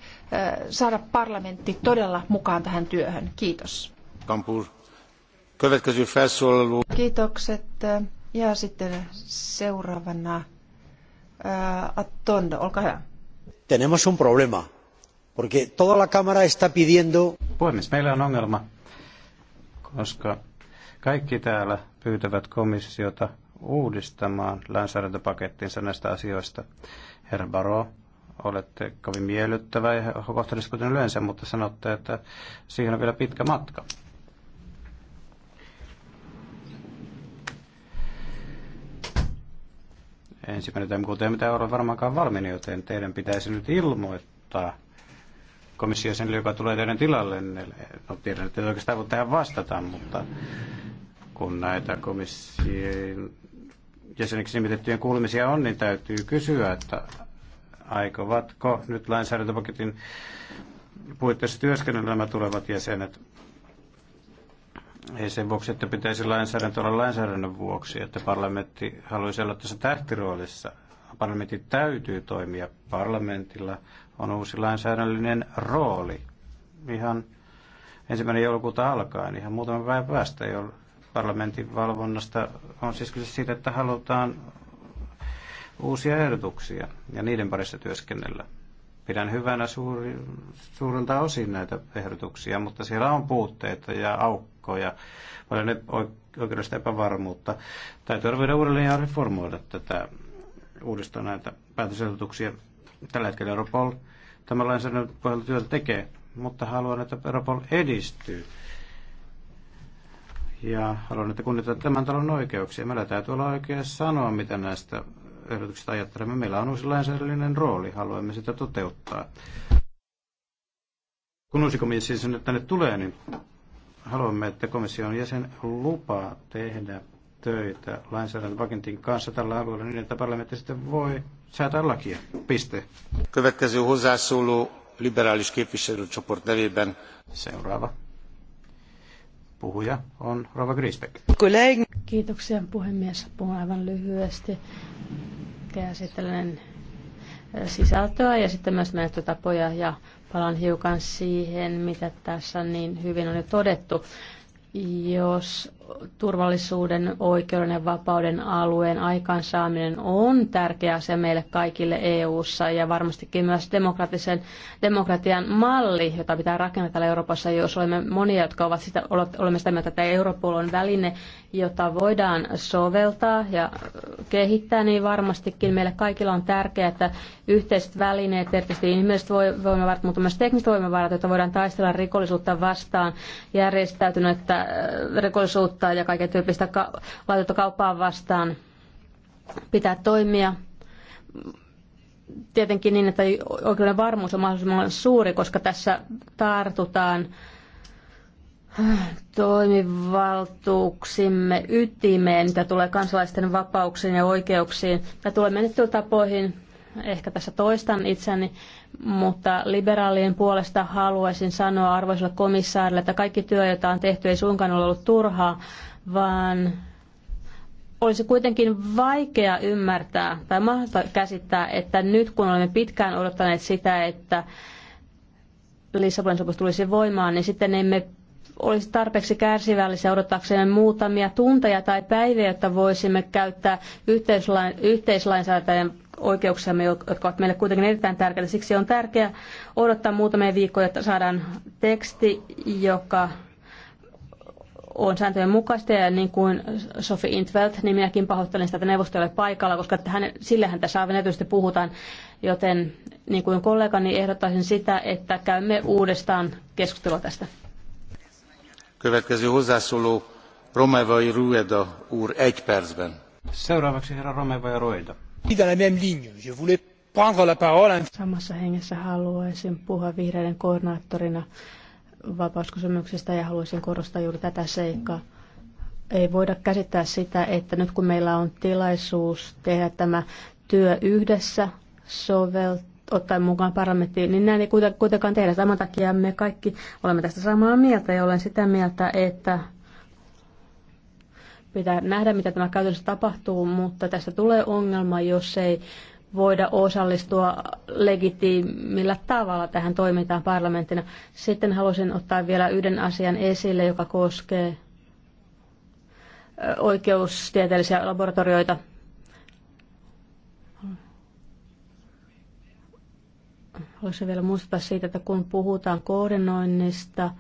saada parlamentti todella mukaan tähän työhön. Kiitos. Kiitokset. Ja sitten seuraavana Attondo, olkaa hyvä. Tenemos un problema, porque toda la cámara está pidiendo... Puhemies, meillä on ongelma, koska kaikki täällä pyytävät komissiota uudistamaan lainsäädäntöpakettinsa näistä asioista. Herra Baro, olette kovin miellyttävä ja kohtelis kuten yleensä, mutta sanotte, että siihen on vielä pitkä matka. ensimmäinen tammikuuta ei mitä ole varmaankaan valmiina, joten teidän pitäisi nyt ilmoittaa komissiosenille, joka tulee teidän tilalle. No tiedän, että oikeastaan voi tähän vastata, mutta kun näitä komission jäseniksi nimitettyjen kuulumisia on, niin täytyy kysyä, että aikovatko nyt lainsäädäntöpaketin puitteissa työskennellä nämä tulevat jäsenet ei sen vuoksi, että pitäisi lainsäädäntö olla lainsäädännön vuoksi, että parlamentti haluaisi olla tässä tähtiroolissa. Parlamentti täytyy toimia. Parlamentilla on uusi lainsäädännöllinen rooli. Ihan ensimmäinen joulukuuta alkaen, ihan muutaman päivän päästä, jo parlamentin valvonnasta on siis kyse siitä, että halutaan uusia ehdotuksia ja niiden parissa työskennellä. Pidän hyvänä suuri, suurelta osin näitä ehdotuksia, mutta siellä on puutteita ja aukkoja ja paljon e- oikeudellista epävarmuutta. Täytyy arvioida uudelleen ja reformoida tätä uudistaa näitä päätösehdotuksia. Tällä hetkellä Europol tämän lainsäädännön pohjalta työtä tekee, mutta haluan, että Europol edistyy. Ja haluan, että kunnioitetaan tämän talon oikeuksia. Meillä täytyy olla oikea sanoa, mitä näistä ehdotuksista ajattelemme. Meillä on uusi lainsäädännöllinen rooli, haluamme sitä toteuttaa. Kun uusi komissio sinne tänne tulee, niin haluamme, että komission jäsen lupaa tehdä töitä lainsäädäntöpaketin kanssa tällä alueella niin, että parlamentti sitten voi säätää lakia. Piste. Seuraava puhuja on Rova Griesbeck. Kiitoksia puhemies. Puhun aivan lyhyesti. Käsittelen sisältöä ja sitten myös näitä tapoja ja Palaan hiukan siihen, mitä tässä niin hyvin on jo todettu. Jos turvallisuuden, oikeuden ja vapauden alueen aikaansaaminen on tärkeä asia meille kaikille EU:ssa ja varmastikin myös demokratisen, demokratian malli, jota pitää rakentaa täällä Euroopassa, jos olemme monia, jotka ovat sitä, olemme sitä mieltä, että Europol on väline, jota voidaan soveltaa ja kehittää, niin varmastikin meille kaikilla on tärkeää, että yhteiset välineet, erityisesti ihmiset voimavarat, mutta myös tekniset voimavarat, joita voidaan taistella rikollisuutta vastaan, järjestäytynyttä äh, rikollisuutta, valuuttaa ja kaiken tyyppistä ka- kauppaa vastaan pitää toimia. Tietenkin niin, että oikeuden varmuus on mahdollisimman suuri, koska tässä tartutaan toimivaltuuksimme ytimeen, mitä tulee kansalaisten vapauksiin ja oikeuksiin. Mitä tulee menettelytapoihin, tuota Ehkä tässä toistan itseni, mutta liberaalien puolesta haluaisin sanoa arvoisille komissaarille, että kaikki työ, jota on tehty, ei suinkaan ole ollut turhaa, vaan olisi kuitenkin vaikea ymmärtää tai mahdollista käsittää, että nyt kun olemme pitkään odottaneet sitä, että Lissabonin sopimus tulisi voimaan, niin sitten emme olisi tarpeeksi kärsivällisiä odottaaksemme muutamia tunteja tai päiviä, jotta voisimme käyttää yhteislainsäätäjän oikeuksiamme, jotka ovat meille kuitenkin erittäin tärkeitä. Siksi on tärkeää odottaa muutamia viikkoja, että saadaan teksti, joka on sääntöjen mukaista ja niin kuin Sofi Intveld, niin minäkin pahoittelen sitä, että neuvosto ei ole paikalla, koska hän, sillähän tässä aivan erityisesti puhutaan. Joten niin kuin kollegani ehdottaisin sitä, että käymme uudestaan keskustelua tästä. Seuraavaksi herra Romeva ja Rueda. Samassa hengessä haluaisin puhua vihreiden koordinaattorina vapauskysymyksestä ja haluaisin korostaa juuri tätä seikkaa. Ei voida käsittää sitä, että nyt kun meillä on tilaisuus tehdä tämä työ yhdessä sovelt, ottaen mukaan parlamenttiin, niin näin ei kuitenkaan tehdä. Tämän takia me kaikki olemme tästä samaa mieltä ja olen sitä mieltä, että Pitää nähdä, mitä tämä käytännössä tapahtuu, mutta tässä tulee ongelma, jos ei voida osallistua legitiimillä tavalla tähän toimintaan parlamenttina. Sitten haluaisin ottaa vielä yhden asian esille, joka koskee oikeustieteellisiä laboratorioita. Haluaisin vielä muistuttaa siitä, että kun puhutaan koordinoinnista,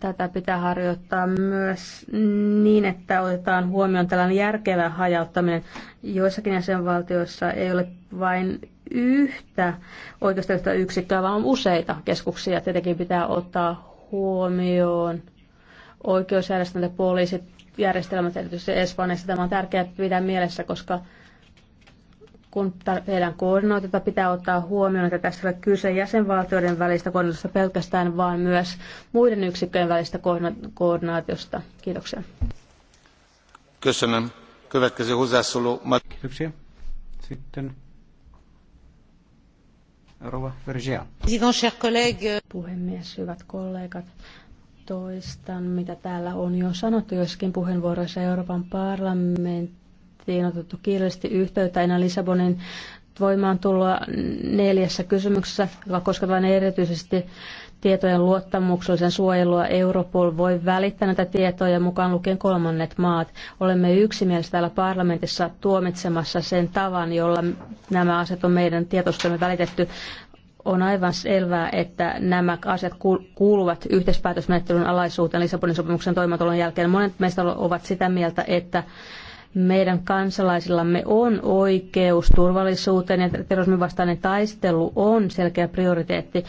tätä pitää harjoittaa myös niin, että otetaan huomioon tällainen järkevä hajauttaminen. Joissakin jäsenvaltioissa ei ole vain yhtä oikeastaan yksikköä, vaan on useita keskuksia. Tietenkin pitää ottaa huomioon oikeusjärjestelmät ja poliisit, järjestelmät erityisesti Espanjassa. Tämä on tärkeää pitää mielessä, koska kun meidän koordinoitetta, pitää ottaa huomioon, että tässä on kyse jäsenvaltioiden välistä koordinaatiosta pelkästään, vaan myös muiden yksikköjen välistä koordinaatiosta. Kiitoksia. Kiitoksia. Sitten Rova Vergia. Puhemies, hyvät kollegat toistan, mitä täällä on jo sanottu joskin puheenvuoroissa Euroopan parlamentti Parlamenttiin otettu kiireellisesti yhteyttä ennen Lissabonin voimaan tulla neljässä kysymyksessä, joka vain erityisesti tietojen luottamuksellisen suojelua. Europol voi välittää näitä tietoja mukaan lukien kolmannet maat. Olemme yksimielisesti täällä parlamentissa tuomitsemassa sen tavan, jolla nämä asiat on meidän tietostamme välitetty on aivan selvää, että nämä asiat kuuluvat yhteispäätösmenettelyn alaisuuteen Lissabonin sopimuksen toimaantulon jälkeen. Monet meistä ovat sitä mieltä, että meidän kansalaisillamme on oikeus turvallisuuteen ja terrorismin vastainen taistelu on selkeä prioriteetti.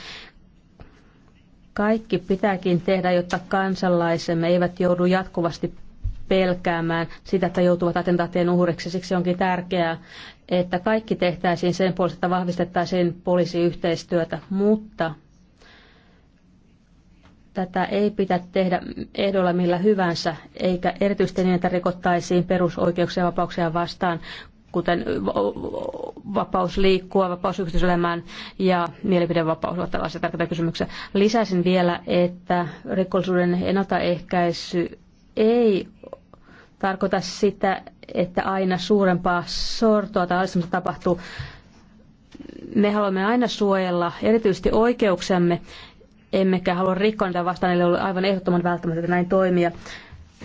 Kaikki pitääkin tehdä, jotta kansalaisemme eivät joudu jatkuvasti pelkäämään sitä, että joutuvat attentaattien uhreiksi. Siksi onkin tärkeää, että kaikki tehtäisiin sen puolesta, että vahvistettaisiin poliisiyhteistyötä, mutta Tätä ei pidä tehdä ehdolla millä hyvänsä, eikä erityisesti niin, että rikottaisiin perusoikeuksia ja vapauksia vastaan, kuten vapaus liikkua, vapaus yksityiselämään ja mielipidevapaus ovat tällaisia tärkeitä kysymyksiä. Lisäisin vielä, että rikollisuuden ennaltaehkäisy ei tarkoita sitä, että aina suurempaa sortoa tai alistamista tapahtuu. Me haluamme aina suojella erityisesti oikeuksemme emmekä halua rikkoa niitä vastaan, eli on aivan ehdottoman välttämätöntä näin toimia.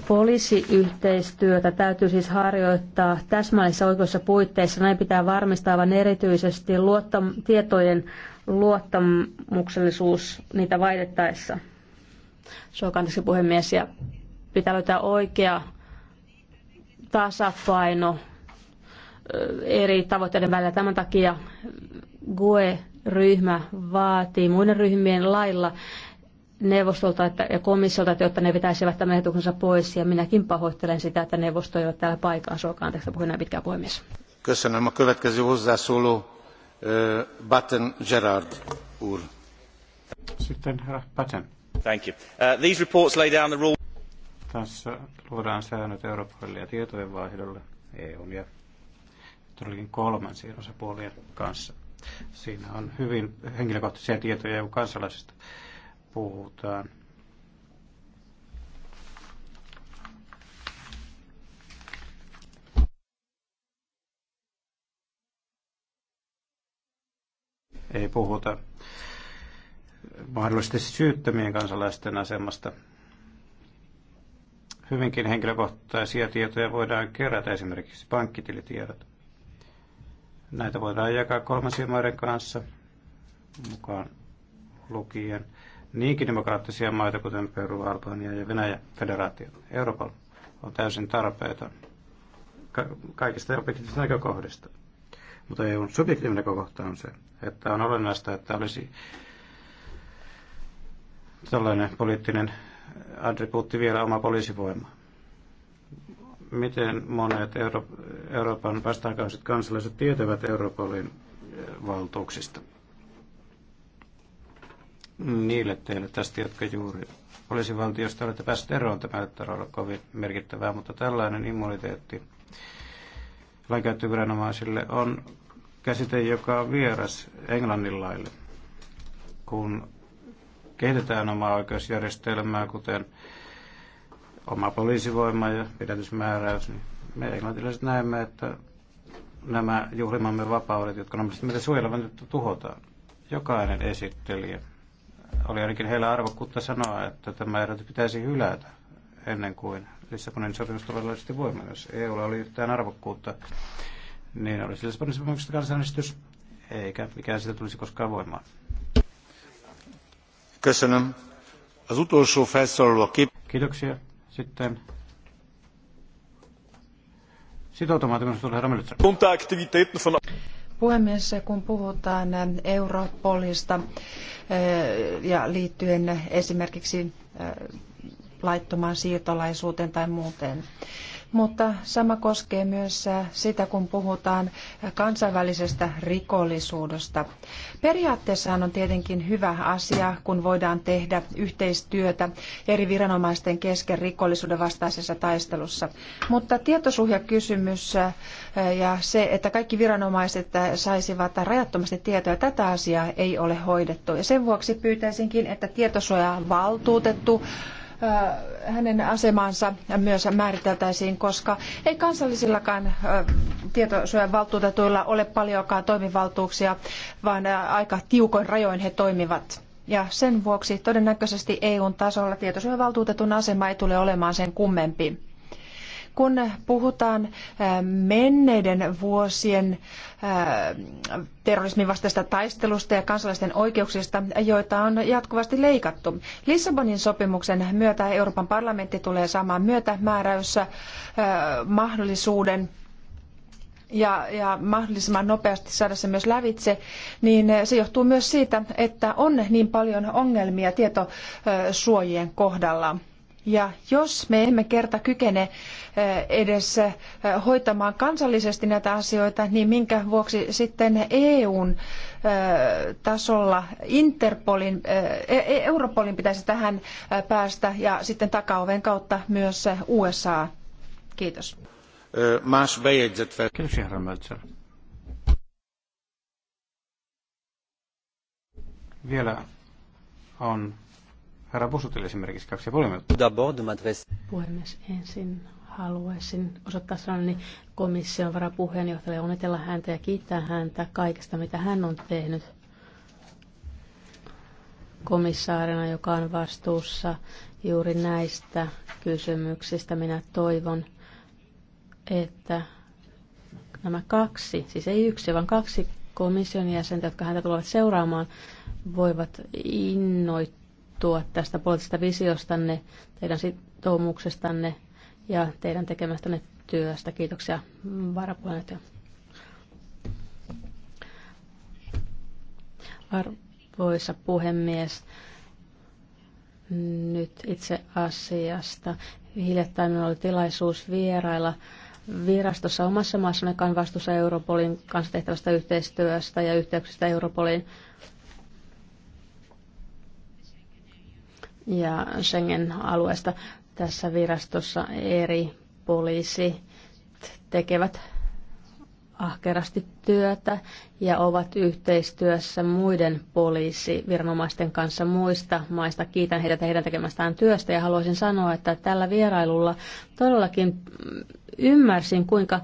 Poliisiyhteistyötä täytyy siis harjoittaa täsmällisissä oikeissa puitteissa. Näin pitää varmistaa aivan erityisesti luottam- tietojen luottamuksellisuus niitä vaihdettaessa. Suokantaisi puhemies ja pitää löytää oikea tasapaino eri tavoitteiden välillä. Tämän takia GUE ryhmä vaatii muiden ryhmien lailla neuvostolta että, ja komissiolta, että, jotta ne vetäisivät tämän ehdotuksensa pois. Ja minäkin pahoittelen sitä, että neuvosto ei ole täällä paikalla. Suokaa anteeksi, puhuin näin pitkään puhemies. Köszönöm. A következő hozzászóló Batten Gerard úr. Sitten herra Batten. Thank you. Uh, these reports lay down the rule. Tässä luodaan säännöt Euroopalle ja tietojenvaihdolle EUn ja todellakin kolmansien osapuolien kanssa. Siinä on hyvin henkilökohtaisia tietoja EU-kansalaisista puhutaan. Ei puhuta mahdollisesti syyttömien kansalaisten asemasta. Hyvinkin henkilökohtaisia tietoja voidaan kerätä, esimerkiksi pankkitilitiedot. Näitä voidaan jakaa kolmansien maiden kanssa, mukaan lukien niinkin demokraattisia maita, kuten Peru, Albania ja Venäjä federaatio. Euroopan on täysin tarpeeton kaikista objektiivisista näkökohdista. Mutta EUn subjektiivinen näkökohta on se, että on olennaista, että olisi tällainen poliittinen attribuutti vielä oma poliisivoima miten monet Euro- Euroopan vastaakaiset kansalaiset tietävät Europolin eh, valtuuksista. Niille teille tästä, jotka juuri poliisivaltiosta olette päässeet eroon, tämä näyttää olla kovin merkittävää, mutta tällainen immuniteetti lainkäyttöviranomaisille on käsite, joka on vieras Englannin laille. Kun kehitetään omaa oikeusjärjestelmää, kuten oma poliisivoima ja pidätysmääräys, niin me englantilaiset näemme, että nämä juhlimamme vapaudet, jotka on meitä suojelevat, nyt tuhotaan. Jokainen esittelijä. Oli ainakin heillä arvokkuutta sanoa, että tämä ehdotus pitäisi hylätä ennen kuin Lissabonin sopimus todellisesti voimaan. Jos EU oli yhtään arvokkuutta, niin olisi Lissabonin sopimuksesta kansanäänestys, eikä mikään sitä tulisi koskaan voimaan. Kiitoksia. Sitten sitoutumattomuus tulee Ramelitsa. Puhemies, kun puhutaan äh, Europolista äh, ja liittyen esimerkiksi äh, laittomaan siirtolaisuuteen tai muuten, mutta sama koskee myös äh, sitä, kun puhutaan kansainvälisestä rikollisuudesta. Periaatteessahan on tietenkin hyvä asia, kun voidaan tehdä yhteistyötä eri viranomaisten kesken rikollisuuden vastaisessa taistelussa. Mutta tietosuhjakysymys äh, ja se, että kaikki viranomaiset äh, saisivat rajattomasti tietoa, tätä asiaa ei ole hoidettu. Ja sen vuoksi pyytäisinkin, että tietosuojavaltuutettu valtuutettu hänen asemansa myös määriteltäisiin, koska ei kansallisillakaan tietosuojan valtuutetuilla ole paljonkaan toimivaltuuksia, vaan aika tiukoin rajoin he toimivat. Ja sen vuoksi todennäköisesti EUn tasolla tietosuojavaltuutetun asema ei tule olemaan sen kummempi. Kun puhutaan äh, menneiden vuosien äh, terrorismin vastaista taistelusta ja kansalaisten oikeuksista, joita on jatkuvasti leikattu. Lissabonin sopimuksen myötä Euroopan parlamentti tulee saamaan myötämääräyssä äh, mahdollisuuden ja, ja mahdollisimman nopeasti saada se myös lävitse, niin se johtuu myös siitä, että on niin paljon ongelmia tietosuojien kohdalla. Ja jos me emme kerta kykene edes hoitamaan kansallisesti näitä asioita, niin minkä vuoksi sitten EUn tasolla Interpolin, e, e, Europolin pitäisi tähän päästä ja sitten takaoven kautta myös USA. Kiitos. Kiitos, Vielä on Herra Busutil esimerkiksi kaksi ja Puhemies, ensin haluaisin osoittaa sanani komission varapuheenjohtajalle onnitella häntä ja kiittää häntä kaikesta, mitä hän on tehnyt komissaarina, joka on vastuussa juuri näistä kysymyksistä. Minä toivon, että nämä kaksi, siis ei yksi, vaan kaksi komission jäsentä, jotka häntä tulevat seuraamaan, voivat innoittaa puhuttua tästä poliittisesta visiostanne, teidän sitoumuksestanne ja teidän tekemästänne työstä. Kiitoksia varapuheenjohtaja. Arvoisa puhemies, nyt itse asiasta. Hiljattain minulla oli tilaisuus vierailla virastossa omassa maassani, joka on vastuussa Europolin kanssa tehtävästä yhteistyöstä ja yhteyksistä Europolin ja Schengen-alueesta. Tässä virastossa eri poliisi tekevät ahkerasti työtä ja ovat yhteistyössä muiden poliisiviranomaisten kanssa muista maista. Kiitän heitä heidän tekemästään työstä ja haluaisin sanoa, että tällä vierailulla todellakin ymmärsin, kuinka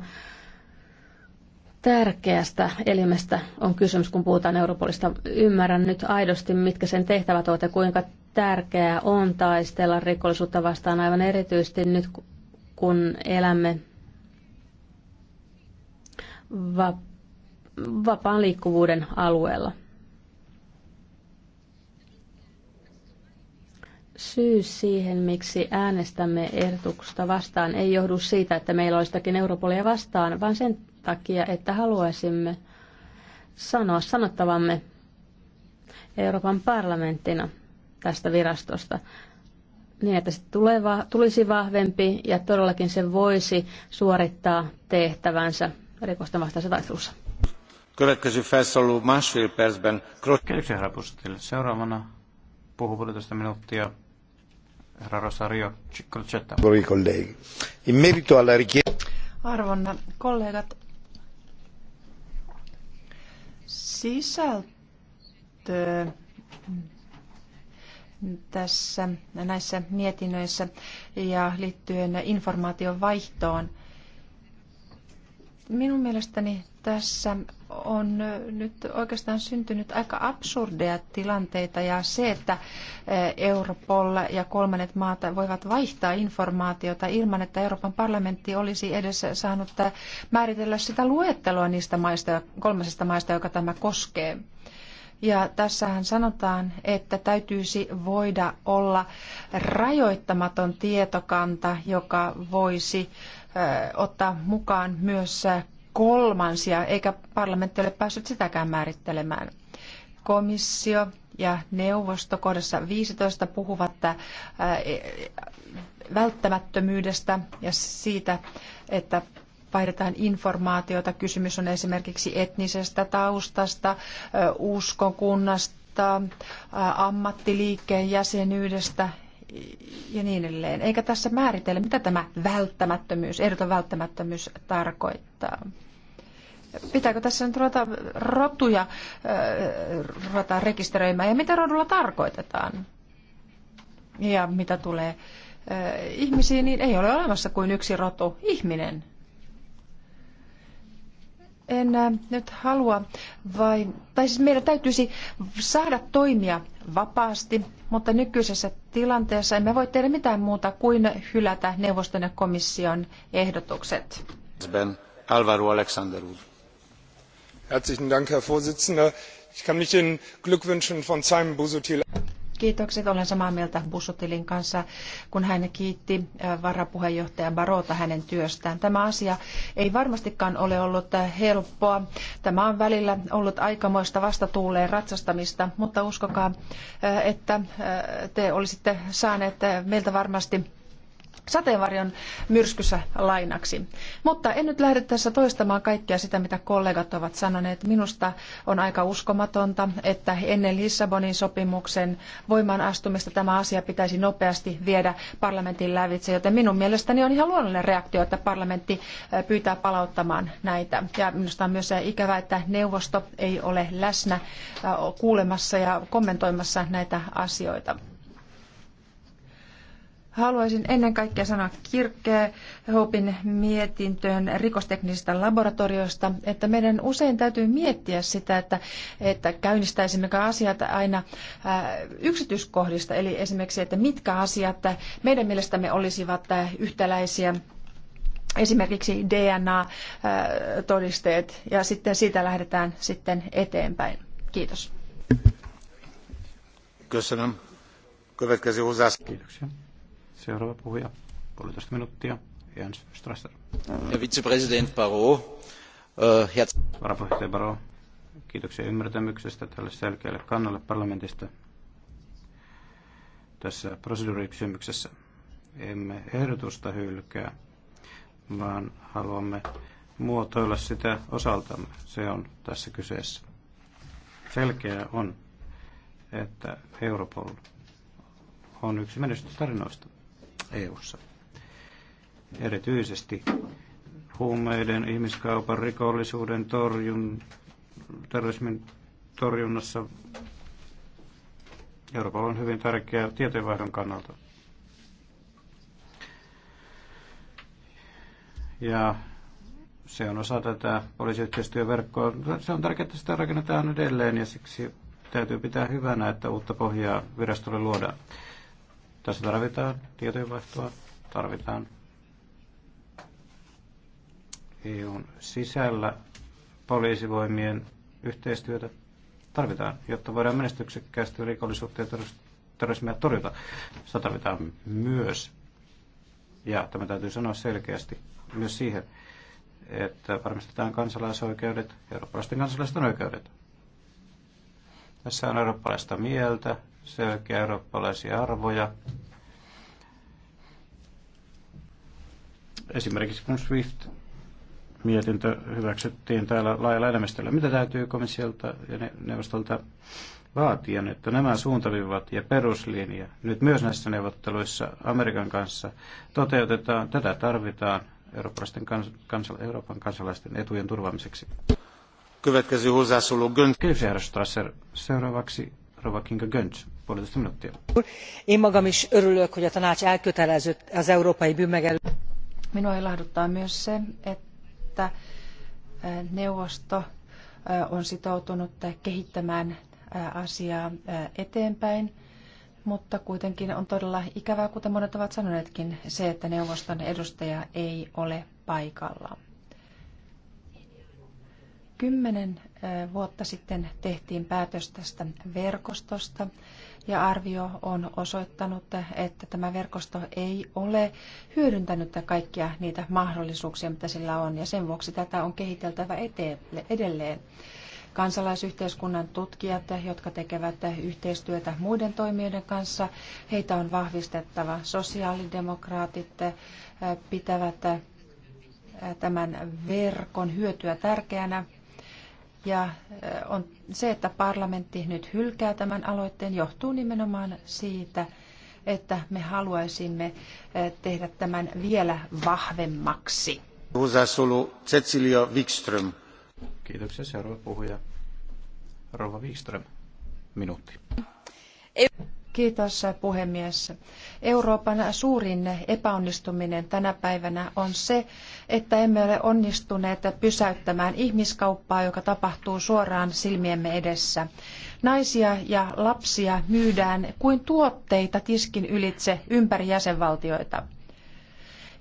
tärkeästä elimestä on kysymys, kun puhutaan Europolista. Ymmärrän nyt aidosti, mitkä sen tehtävät ovat ja kuinka tärkeää on taistella rikollisuutta vastaan aivan erityisesti nyt, kun elämme va- vapaan liikkuvuuden alueella. Syy siihen, miksi äänestämme ehdotuksesta vastaan, ei johdu siitä, että meillä olisi jotakin Europolia vastaan, vaan sen takia, että haluaisimme sanoa sanottavamme Euroopan parlamenttina – tästä virastosta niin, että se tuleva, tulisi vahvempi ja todellakin se voisi suorittaa tehtävänsä rikosten vastaisessa taistelussa. Kiitoksia herra Pustil. Seuraavana puhuu puolitoista minuuttia herra Rosario Ciccolcetta. In merito alla richiesta... Arvon kollegat, sisältö tässä näissä mietinnöissä ja liittyen informaation vaihtoon. Minun mielestäni tässä on nyt oikeastaan syntynyt aika absurdeja tilanteita ja se, että eh, Europol ja kolmannet maat voivat vaihtaa informaatiota ilman, että Euroopan parlamentti olisi edes saanut eh, määritellä sitä luetteloa niistä maista, kolmasesta maista, joka tämä koskee. Ja tässähän sanotaan, että täytyisi voida olla rajoittamaton tietokanta, joka voisi ottaa mukaan myös kolmansia, eikä parlamentti ole päässyt sitäkään määrittelemään. Komissio ja neuvosto kohdassa 15 puhuvat e, välttämättömyydestä ja siitä, että vaihdetaan informaatiota. Kysymys on esimerkiksi etnisestä taustasta, uskonkunnasta, ammattiliikkeen jäsenyydestä ja niin edelleen. Eikä tässä määritellä, mitä tämä välttämättömyys, ehdoton välttämättömyys tarkoittaa. Pitääkö tässä nyt ruveta rotuja ruveta rekisteröimään ja mitä rodulla tarkoitetaan? Ja mitä tulee ihmisiin, niin ei ole olemassa kuin yksi rotu, ihminen en äh, nyt halua vai, tai siis meidän täytyisi saada toimia vapaasti, mutta nykyisessä tilanteessa emme voi tehdä mitään muuta kuin hylätä neuvoston ja komission ehdotukset. Ben Alvaro Alexander. Herzlichen Dank, Herr Vorsitzender. Ich kann mich den Glückwünschen von Simon Busutil Kiitokset. Olen samaa mieltä Bussotilin kanssa, kun hän kiitti varapuheenjohtaja Barota hänen työstään. Tämä asia ei varmastikaan ole ollut helppoa. Tämä on välillä ollut aikamoista vastatuuleen ratsastamista, mutta uskokaa, että te olisitte saaneet meiltä varmasti sateenvarjon myrskyssä lainaksi. Mutta en nyt lähde tässä toistamaan kaikkea sitä, mitä kollegat ovat sanoneet. Minusta on aika uskomatonta, että ennen Lissabonin sopimuksen voimaan astumista tämä asia pitäisi nopeasti viedä parlamentin lävitse, joten minun mielestäni on ihan luonnollinen reaktio, että parlamentti pyytää palauttamaan näitä. Ja minusta on myös ikävää, että neuvosto ei ole läsnä kuulemassa ja kommentoimassa näitä asioita. Haluaisin ennen kaikkea sanoa kirkkeen Hopin mietintöön rikosteknisistä laboratorioista, että meidän usein täytyy miettiä sitä, että, että käynnistäisimmekö asiat aina ää, äh, yksityiskohdista, eli esimerkiksi, että mitkä asiat meidän mielestämme olisivat äh, yhtäläisiä esimerkiksi DNA-todisteet, äh, ja sitten siitä lähdetään sitten eteenpäin. Kiitos. Kiitoksia. Seuraava puhuja, puolitoista minuuttia, Strasser. Varapuheenjohtaja Barrot, kiitoksia ymmärtämyksestä tälle selkeälle kannalle parlamentista tässä proseduurikysymyksessä. Emme ehdotusta hylkää, vaan haluamme muotoilla sitä osaltamme. Se on tässä kyseessä. Selkeää on, että Europol on yksi menestystarinoista. EU-ssa. Erityisesti huumeiden, ihmiskaupan, rikollisuuden torjun, terrorismin torjunnassa Euroopalla on hyvin tärkeä tietojenvaihdon kannalta. Ja se on osa tätä poliisiyhteistyöverkkoa. Se on tärkeää, että sitä rakennetaan edelleen ja siksi täytyy pitää hyvänä, että uutta pohjaa virastolle luodaan. Tässä tarvitaan tietojenvaihtoa, tarvitaan EUn sisällä poliisivoimien yhteistyötä tarvitaan, jotta voidaan menestyksekkäästi rikollisuutta ja terrorismia torjuta. Sitä tarvitaan myös, ja tämä täytyy sanoa selkeästi, myös siihen, että varmistetaan kansalaisoikeudet, eurooppalaisten kansalaisten oikeudet. Tässä on eurooppalaista mieltä, selkeä eurooppalaisia arvoja. Esimerkiksi kun SWIFT mietintö hyväksyttiin täällä laajalla enemmistöllä. Mitä täytyy komissiolta ja neuvostolta vaatia, niin että nämä suuntaviivat ja peruslinja nyt myös näissä neuvotteluissa Amerikan kanssa toteutetaan? Tätä tarvitaan eurooppalaisten kans- Euroopan kansalaisten etujen turvaamiseksi. Következő hozzászóló Gönc. Seuraavaksi Rova Kinga Gönc. Én magam is örülök, hogy a tanács elkötelezett az európai bűnmegelő. Minua ilahduttaa myös se, että neuvosto on sitoutunut kehittämään asiaa eteenpäin, mutta kuitenkin on todella ikävää, kuten monet ovat sanoneetkin, se, että neuvoston edustaja ei ole paikalla. Kymmenen vuotta sitten tehtiin päätös tästä verkostosta ja arvio on osoittanut, että tämä verkosto ei ole hyödyntänyt kaikkia niitä mahdollisuuksia, mitä sillä on, ja sen vuoksi tätä on kehiteltävä edelleen. Kansalaisyhteiskunnan tutkijat, jotka tekevät yhteistyötä muiden toimijoiden kanssa, heitä on vahvistettava. Sosiaalidemokraatit eh, pitävät eh, tämän verkon hyötyä tärkeänä ja on se, että parlamentti nyt hylkää tämän aloitteen, johtuu nimenomaan siitä, että me haluaisimme tehdä tämän vielä vahvemmaksi. Cecilia Wikström. Kiitoksia. Seuraava puhuja. Rova Wikström, minuutti. Kiitos puhemies. Euroopan suurin epäonnistuminen tänä päivänä on se, että emme ole onnistuneet pysäyttämään ihmiskauppaa, joka tapahtuu suoraan silmiemme edessä. Naisia ja lapsia myydään kuin tuotteita tiskin ylitse ympäri jäsenvaltioita.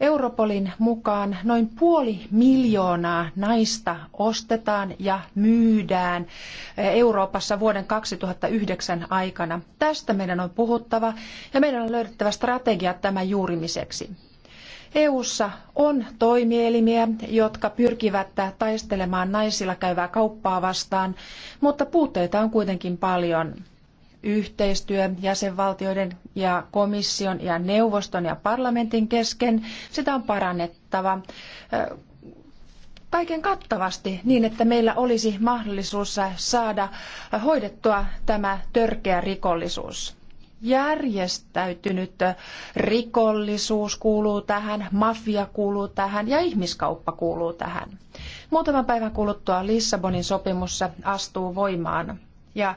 Europolin mukaan noin puoli miljoonaa naista ostetaan ja myydään eh, Euroopassa vuoden 2009 aikana. Tästä meidän on puhuttava ja meidän on löydettävä strategia tämän juurimiseksi. EU:ssa on toimielimiä, jotka pyrkivät taistelemaan naisilla käyvää kauppaa vastaan, mutta puutteita on kuitenkin paljon yhteistyö jäsenvaltioiden ja komission ja neuvoston ja parlamentin kesken, sitä on parannettava kaiken kattavasti niin, että meillä olisi mahdollisuus saada hoidettua tämä törkeä rikollisuus. Järjestäytynyt rikollisuus kuuluu tähän, mafia kuuluu tähän ja ihmiskauppa kuuluu tähän. Muutaman päivän kuluttua Lissabonin sopimus astuu voimaan. Ja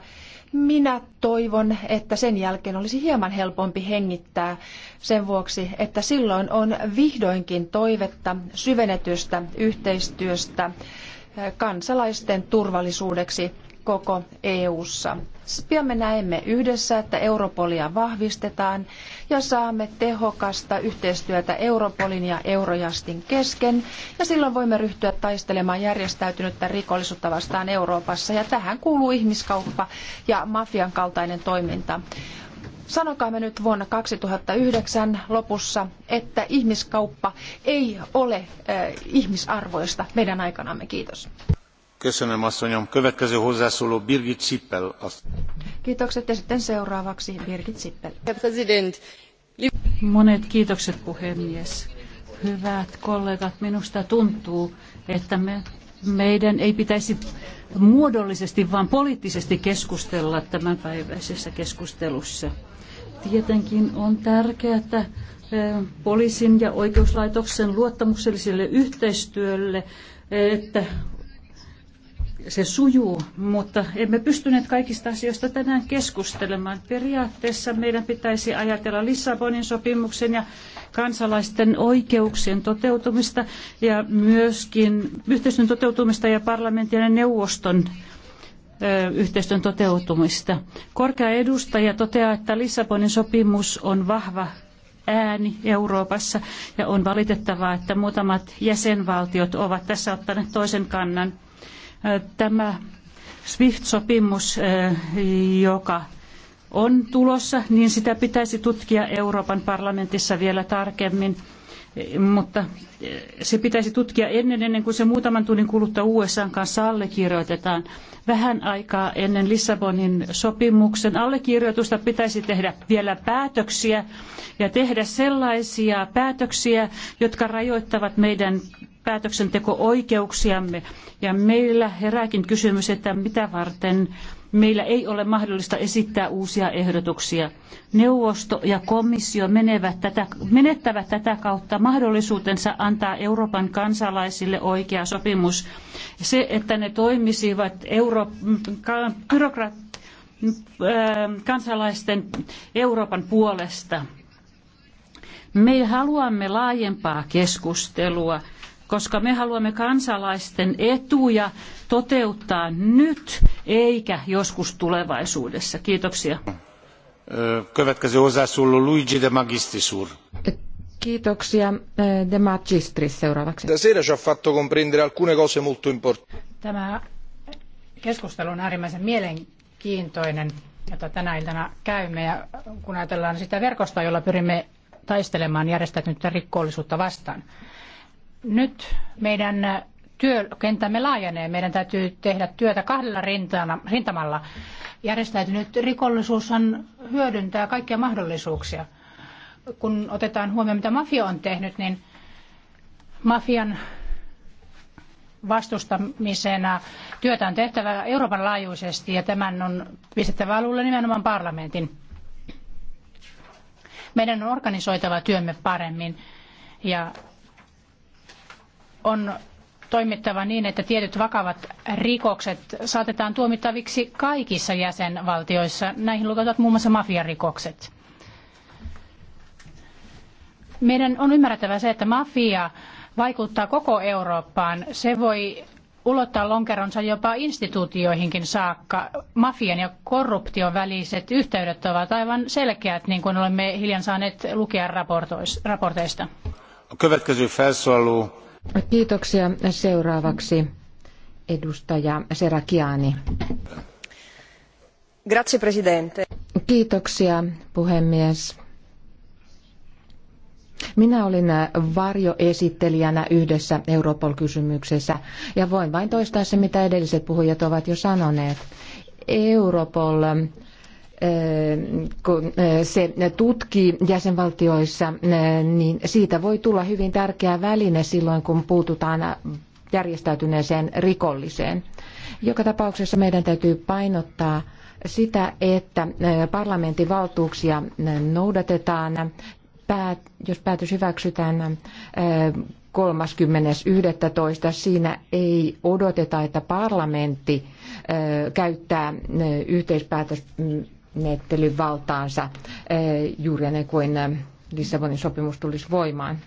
minä toivon, että sen jälkeen olisi hieman helpompi hengittää sen vuoksi, että silloin on vihdoinkin toivetta syvennetystä yhteistyöstä kansalaisten turvallisuudeksi koko EU:ssa. Pian me näemme yhdessä, että Europolia vahvistetaan ja saamme tehokasta yhteistyötä Europolin ja Eurojastin kesken ja silloin voimme ryhtyä taistelemaan järjestäytynyttä rikollisuutta vastaan Euroopassa ja tähän kuuluu ihmiskauppa ja mafian kaltainen toiminta. Sanokaamme nyt vuonna 2009 lopussa, että ihmiskauppa ei ole äh, ihmisarvoista meidän aikanamme. Kiitos arvoisa Birgit Monet kiitokset puhemies. Hyvät kollegat, minusta tuntuu, että meidän ei pitäisi muodollisesti, vaan poliittisesti keskustella tämänpäiväisessä keskustelussa. Tietenkin on tärkeää, että eh, poliisin ja oikeuslaitoksen luottamukselliselle yhteistyölle, eh, että se sujuu, mutta emme pystyneet kaikista asioista tänään keskustelemaan. Periaatteessa meidän pitäisi ajatella Lissabonin sopimuksen ja kansalaisten oikeuksien toteutumista ja myöskin yhteistyön toteutumista ja parlamentin ja neuvoston yhteistyön toteutumista. Korkea edustaja toteaa, että Lissabonin sopimus on vahva ääni Euroopassa ja on valitettavaa, että muutamat jäsenvaltiot ovat tässä ottaneet toisen kannan. Tämä SWIFT-sopimus, joka on tulossa, niin sitä pitäisi tutkia Euroopan parlamentissa vielä tarkemmin. Mutta se pitäisi tutkia ennen, ennen kuin se muutaman tunnin kuluttua USA kanssa allekirjoitetaan. Vähän aikaa ennen Lissabonin sopimuksen allekirjoitusta pitäisi tehdä vielä päätöksiä ja tehdä sellaisia päätöksiä, jotka rajoittavat meidän päätöksenteko-oikeuksiamme. Ja meillä herääkin kysymys, että mitä varten meillä ei ole mahdollista esittää uusia ehdotuksia. Neuvosto ja komissio menevät tätä, menettävät tätä kautta mahdollisuutensa antaa Euroopan kansalaisille oikea sopimus. Se, että ne toimisivat euro, byrokrat, kansalaisten Euroopan puolesta. Me haluamme laajempaa keskustelua koska me haluamme kansalaisten etuja toteuttaa nyt eikä joskus tulevaisuudessa. Kiitoksia. Következő hozzászóló Luigi de Magistrisur. Kiitoksia eh, de Magistris seuraavaksi. Stasera ci ha fatto comprendere alcune cose molto importanti. Tämä keskustelu on äärimmäisen mielenkiintoinen, jota tänä iltana käymme. Ja kun ajatellaan sitä verkostoa, jolla pyrimme taistelemaan järjestäytynyttä rikollisuutta vastaan. Nyt meidän työkenttämme laajenee. Meidän täytyy tehdä työtä kahdella rintana, rintamalla. Järjestäytynyt rikollisuushan hyödyntää kaikkia mahdollisuuksia. Kun otetaan huomioon, mitä mafia on tehnyt, niin mafian vastustamisena työtä on tehtävä Euroopan laajuisesti ja tämän on pistettävä alulle nimenomaan parlamentin. Meidän on organisoitava työmme paremmin ja on toimittava niin, että tietyt vakavat rikokset saatetaan tuomittaviksi kaikissa jäsenvaltioissa. Näihin lukeutuvat muun muassa mafiarikokset. Meidän on ymmärrettävä se, että mafia vaikuttaa koko Eurooppaan. Se voi ulottaa lonkeronsa jopa instituutioihinkin saakka. Mafian ja korruption väliset yhteydet ovat aivan selkeät, niin kuin olemme hiljan saaneet lukea raporteista. következő felszólaló Kiitoksia. Seuraavaksi edustaja Serakiani. Grazie, presidente. Kiitoksia, puhemies. Minä olin varjoesittelijänä yhdessä Europol-kysymyksessä ja voin vain toistaa se, mitä edelliset puhujat ovat jo sanoneet. Europol Äh, kun äh, se tutkii jäsenvaltioissa, äh, niin siitä voi tulla hyvin tärkeä väline silloin, kun puututaan järjestäytyneeseen rikolliseen. Joka tapauksessa meidän täytyy painottaa sitä, että parlamentin valtuuksia noudatetaan, jos päätös hyväksytään 30.11. Siinä ei odoteta, että parlamentti käyttää yhteispäätös menettelyvaltaansa eh, juuri ennen kuin eh, Lissabonin sopimus tulisi voimaan.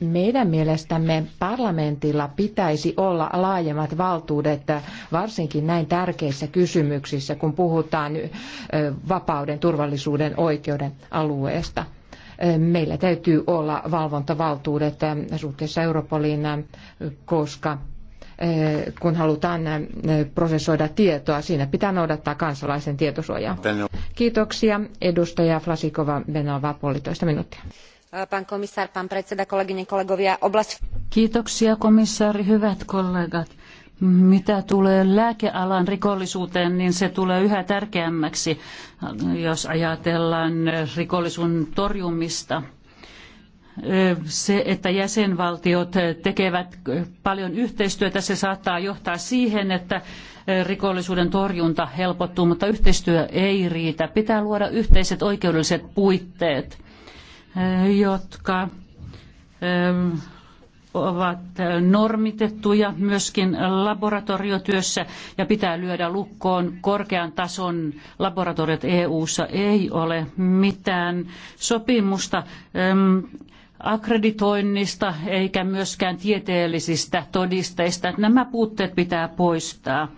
Meidän mielestämme parlamentilla pitäisi olla laajemmat valtuudet, eh, varsinkin näin tärkeissä kysymyksissä, kun puhutaan vapauden, turvallisuuden, oikeuden alueesta. Meillä täytyy olla valvontavaltuudet suhteessa Europoliin, koska Eh, kun halutaan eh, prosessoida tietoa. Siinä pitää noudattaa kansalaisen tietosuojaa. Kiitoksia. Edustaja Flasikova Benova, puolitoista minuuttia. Eh, pan komissar, pan predseda, kollegovia, oblast... Kiitoksia komissaari, hyvät kollegat. Mitä tulee lääkealan rikollisuuteen, niin se tulee yhä tärkeämmäksi, jos ajatellaan rikollisuuden torjumista – se, että jäsenvaltiot tekevät paljon yhteistyötä, se saattaa johtaa siihen, että rikollisuuden torjunta helpottuu, mutta yhteistyö ei riitä. Pitää luoda yhteiset oikeudelliset puitteet, jotka ovat normitettuja myöskin laboratoriotyössä ja pitää lyödä lukkoon korkean tason laboratoriot EU-ssa. Ei ole mitään sopimusta akkreditoinnista eikä myöskään tieteellisistä todisteista. Nämä puutteet pitää poistaa.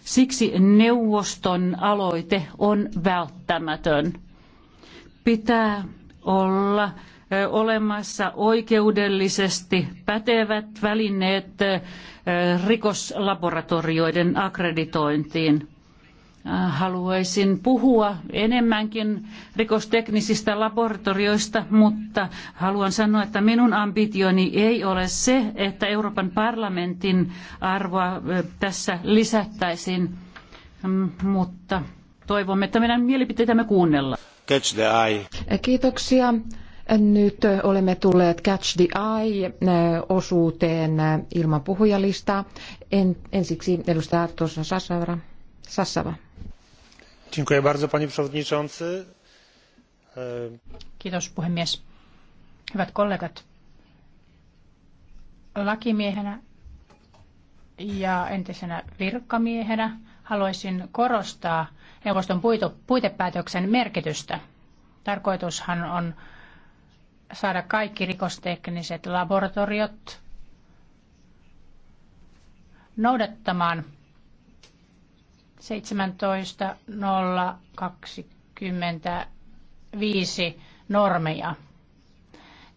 Siksi neuvoston aloite on välttämätön. Pitää olla olemassa oikeudellisesti pätevät välineet rikoslaboratorioiden akkreditointiin. Äh, haluaisin puhua enemmänkin rikosteknisistä laboratorioista, mutta haluan sanoa, että minun ambitioni ei ole se, että Euroopan parlamentin arvoa äh, tässä lisättäisiin, mm, mutta toivomme, että meidän mielipiteitämme kuunnellaan. Catch the eye. Kiitoksia. Nyt olemme tulleet Catch the Eye-osuuteen äh, ilman puhujalistaa. En, ensiksi edustaja Tuossa Sassava. Sassava. E, Kiitos puhemies. Hyvät kollegat, lakimiehenä ja entisenä virkamiehenä haluaisin korostaa neuvoston puitepäätöksen merkitystä. Tarkoitushan on saada kaikki rikostekniset laboratoriot noudattamaan – 17.025 normeja.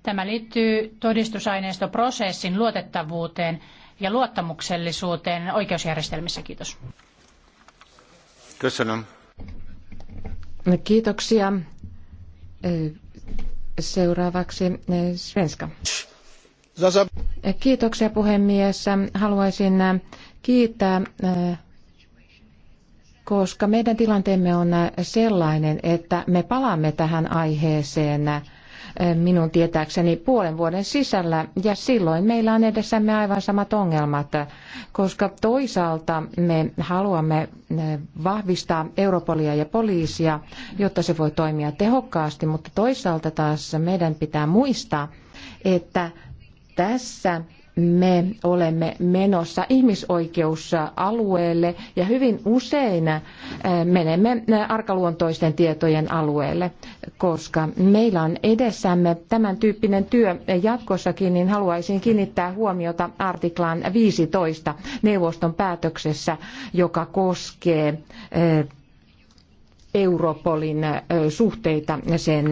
Tämä liittyy todistusaineistoprosessin luotettavuuteen ja luottamuksellisuuteen oikeusjärjestelmissä. Kiitos. Kiitoksia. Seuraavaksi eh, Svenska. Kiitoksia puhemies. Haluaisin eh, kiittää eh, koska meidän tilanteemme on sellainen, että me palaamme tähän aiheeseen minun tietääkseni puolen vuoden sisällä ja silloin meillä on edessämme aivan samat ongelmat, koska toisaalta me haluamme vahvistaa Europolia ja poliisia, jotta se voi toimia tehokkaasti, mutta toisaalta taas meidän pitää muistaa, että tässä me olemme menossa ihmisoikeusalueelle ja hyvin usein menemme arkaluontoisten tietojen alueelle, koska meillä on edessämme tämän tyyppinen työ jatkossakin, niin haluaisin kiinnittää huomiota artiklaan 15 neuvoston päätöksessä, joka koskee Europolin suhteita sen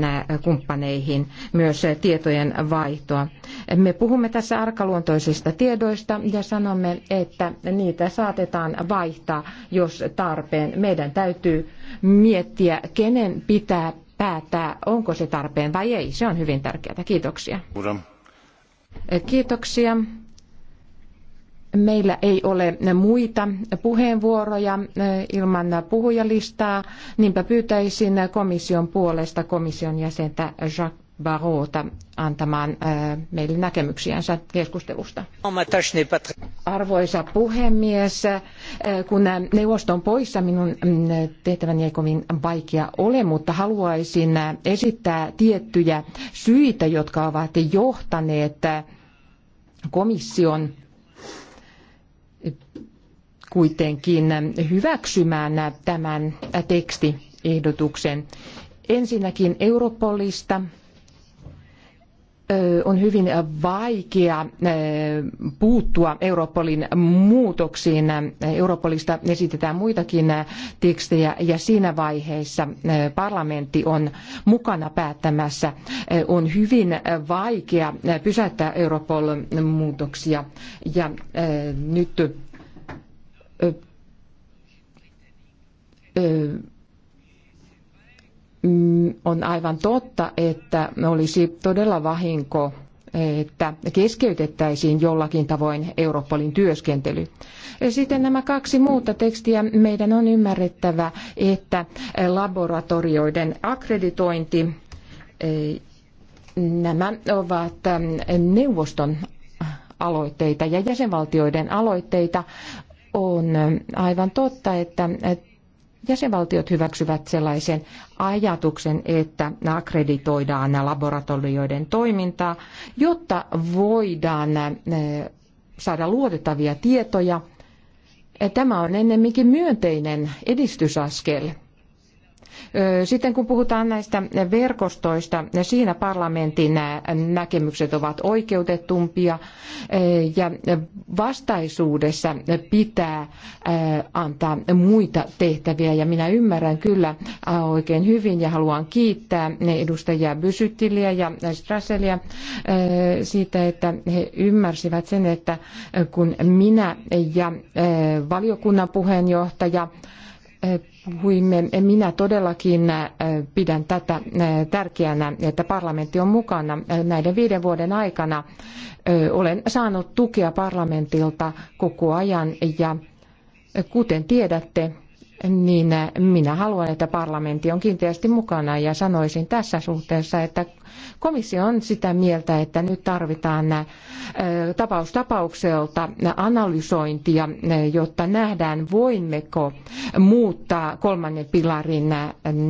kumppaneihin, myös tietojen vaihtoa. Me puhumme tässä arkaluontoisista tiedoista ja sanomme, että niitä saatetaan vaihtaa, jos tarpeen. Meidän täytyy miettiä, kenen pitää päättää, onko se tarpeen vai ei. Se on hyvin tärkeää. Kiitoksia. Kiitoksia. Meillä ei ole muita puheenvuoroja eh, ilman puhujalistaa, niinpä pyytäisin komission puolesta komission jäsentä Jacques Barrota antamaan eh, meille näkemyksiänsä keskustelusta. Arvoisa puhemies, eh, kun neuvosto on poissa, minun mm, tehtäväni ei kovin vaikea ole, mutta haluaisin esittää tiettyjä syitä, jotka ovat johtaneet komission kuitenkin hyväksymään tämän tekstiehdotuksen. Ensinnäkin Europolista on hyvin vaikea puuttua Europolin muutoksiin. Europolista esitetään muitakin tekstejä ja siinä vaiheessa parlamentti on mukana päättämässä. On hyvin vaikea pysäyttää Europol muutoksia ja nyt Mm, on aivan totta, että olisi todella vahinko, että keskeytettäisiin jollakin tavoin Europolin työskentely. Sitten nämä kaksi muuta tekstiä. Meidän on ymmärrettävä, että laboratorioiden akkreditointi, eh, nämä ovat eh, neuvoston aloitteita ja jäsenvaltioiden aloitteita. On eh, aivan totta, että jäsenvaltiot hyväksyvät sellaisen ajatuksen, että akkreditoidaan laboratorioiden toimintaa, jotta voidaan äh, saada luotettavia tietoja. Tämä on ennemminkin myönteinen edistysaskel sitten kun puhutaan näistä verkostoista, siinä parlamentin näkemykset ovat oikeutetumpia ja vastaisuudessa pitää antaa muita tehtäviä ja minä ymmärrän kyllä oikein hyvin ja haluan kiittää edustajia Bysyttiliä ja Strasselia siitä, että he ymmärsivät sen, että kun minä ja valiokunnan puheenjohtaja puhuimme. Minä todellakin äh, pidän tätä äh, tärkeänä, että parlamentti on mukana äh, näiden viiden vuoden aikana. Olen saanut tukea parlamentilta koko ajan ja kuten tiedätte, niin minä haluan, että parlamentti on kiinteästi mukana ja sanoisin tässä suhteessa, että komissio on sitä mieltä, että nyt tarvitaan tapaus tapaukselta analysointia, jotta nähdään voimmeko muuttaa kolmannen pilarin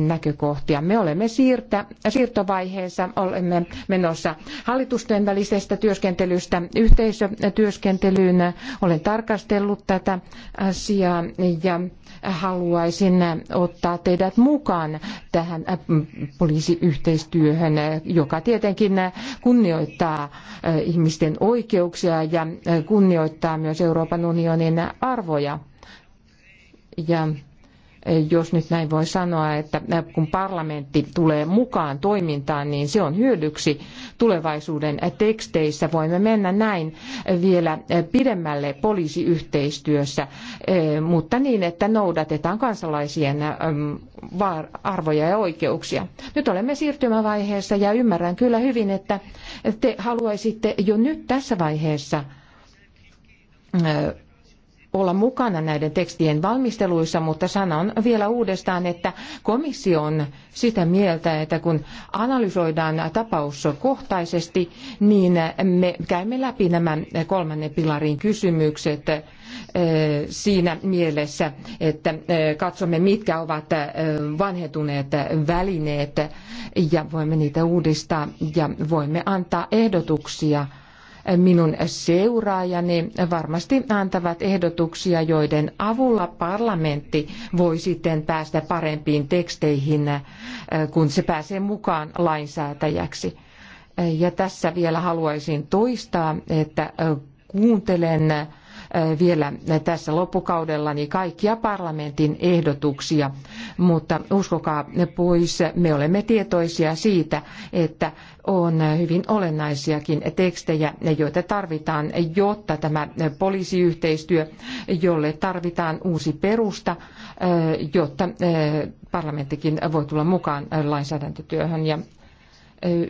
näkökohtia. Me olemme siirtä, siirtovaiheessa, olemme menossa hallitusten välisestä työskentelystä yhteisötyöskentelyyn. Olen tarkastellut tätä asiaa ja haluaisin ottaa teidät mukaan tähän äh, poliisiyhteistyöhön, joka tietenkin kunnioittaa äh, ihmisten oikeuksia ja äh, kunnioittaa myös Euroopan unionin arvoja. Ja jos nyt näin voi sanoa, että kun parlamentti tulee mukaan toimintaan, niin se on hyödyksi tulevaisuuden teksteissä. Voimme mennä näin vielä pidemmälle poliisiyhteistyössä, eh, mutta niin, että noudatetaan kansalaisien eh, arvoja ja oikeuksia. Nyt olemme siirtymävaiheessa ja ymmärrän kyllä hyvin, että te haluaisitte jo nyt tässä vaiheessa eh, olla mukana näiden tekstien valmisteluissa, mutta sanon vielä uudestaan, että komissio on sitä mieltä, että kun analysoidaan tapauskohtaisesti, niin me käymme läpi nämä kolmannen pilarin kysymykset eh, siinä mielessä, että eh, katsomme mitkä ovat eh, vanhentuneet välineet ja voimme niitä uudistaa ja voimme antaa ehdotuksia – minun seuraajani varmasti antavat ehdotuksia, joiden avulla parlamentti voi sitten päästä parempiin teksteihin, äh, kun se pääsee mukaan lainsäätäjäksi. Äh, ja tässä vielä haluaisin toistaa, että äh, kuuntelen vielä tässä loppukaudella niin kaikkia parlamentin ehdotuksia, mutta uskokaa pois, me olemme tietoisia siitä, että on hyvin olennaisiakin tekstejä, joita tarvitaan, jotta tämä poliisiyhteistyö, jolle tarvitaan uusi perusta, jotta parlamenttikin voi tulla mukaan lainsäädäntötyöhön. Ja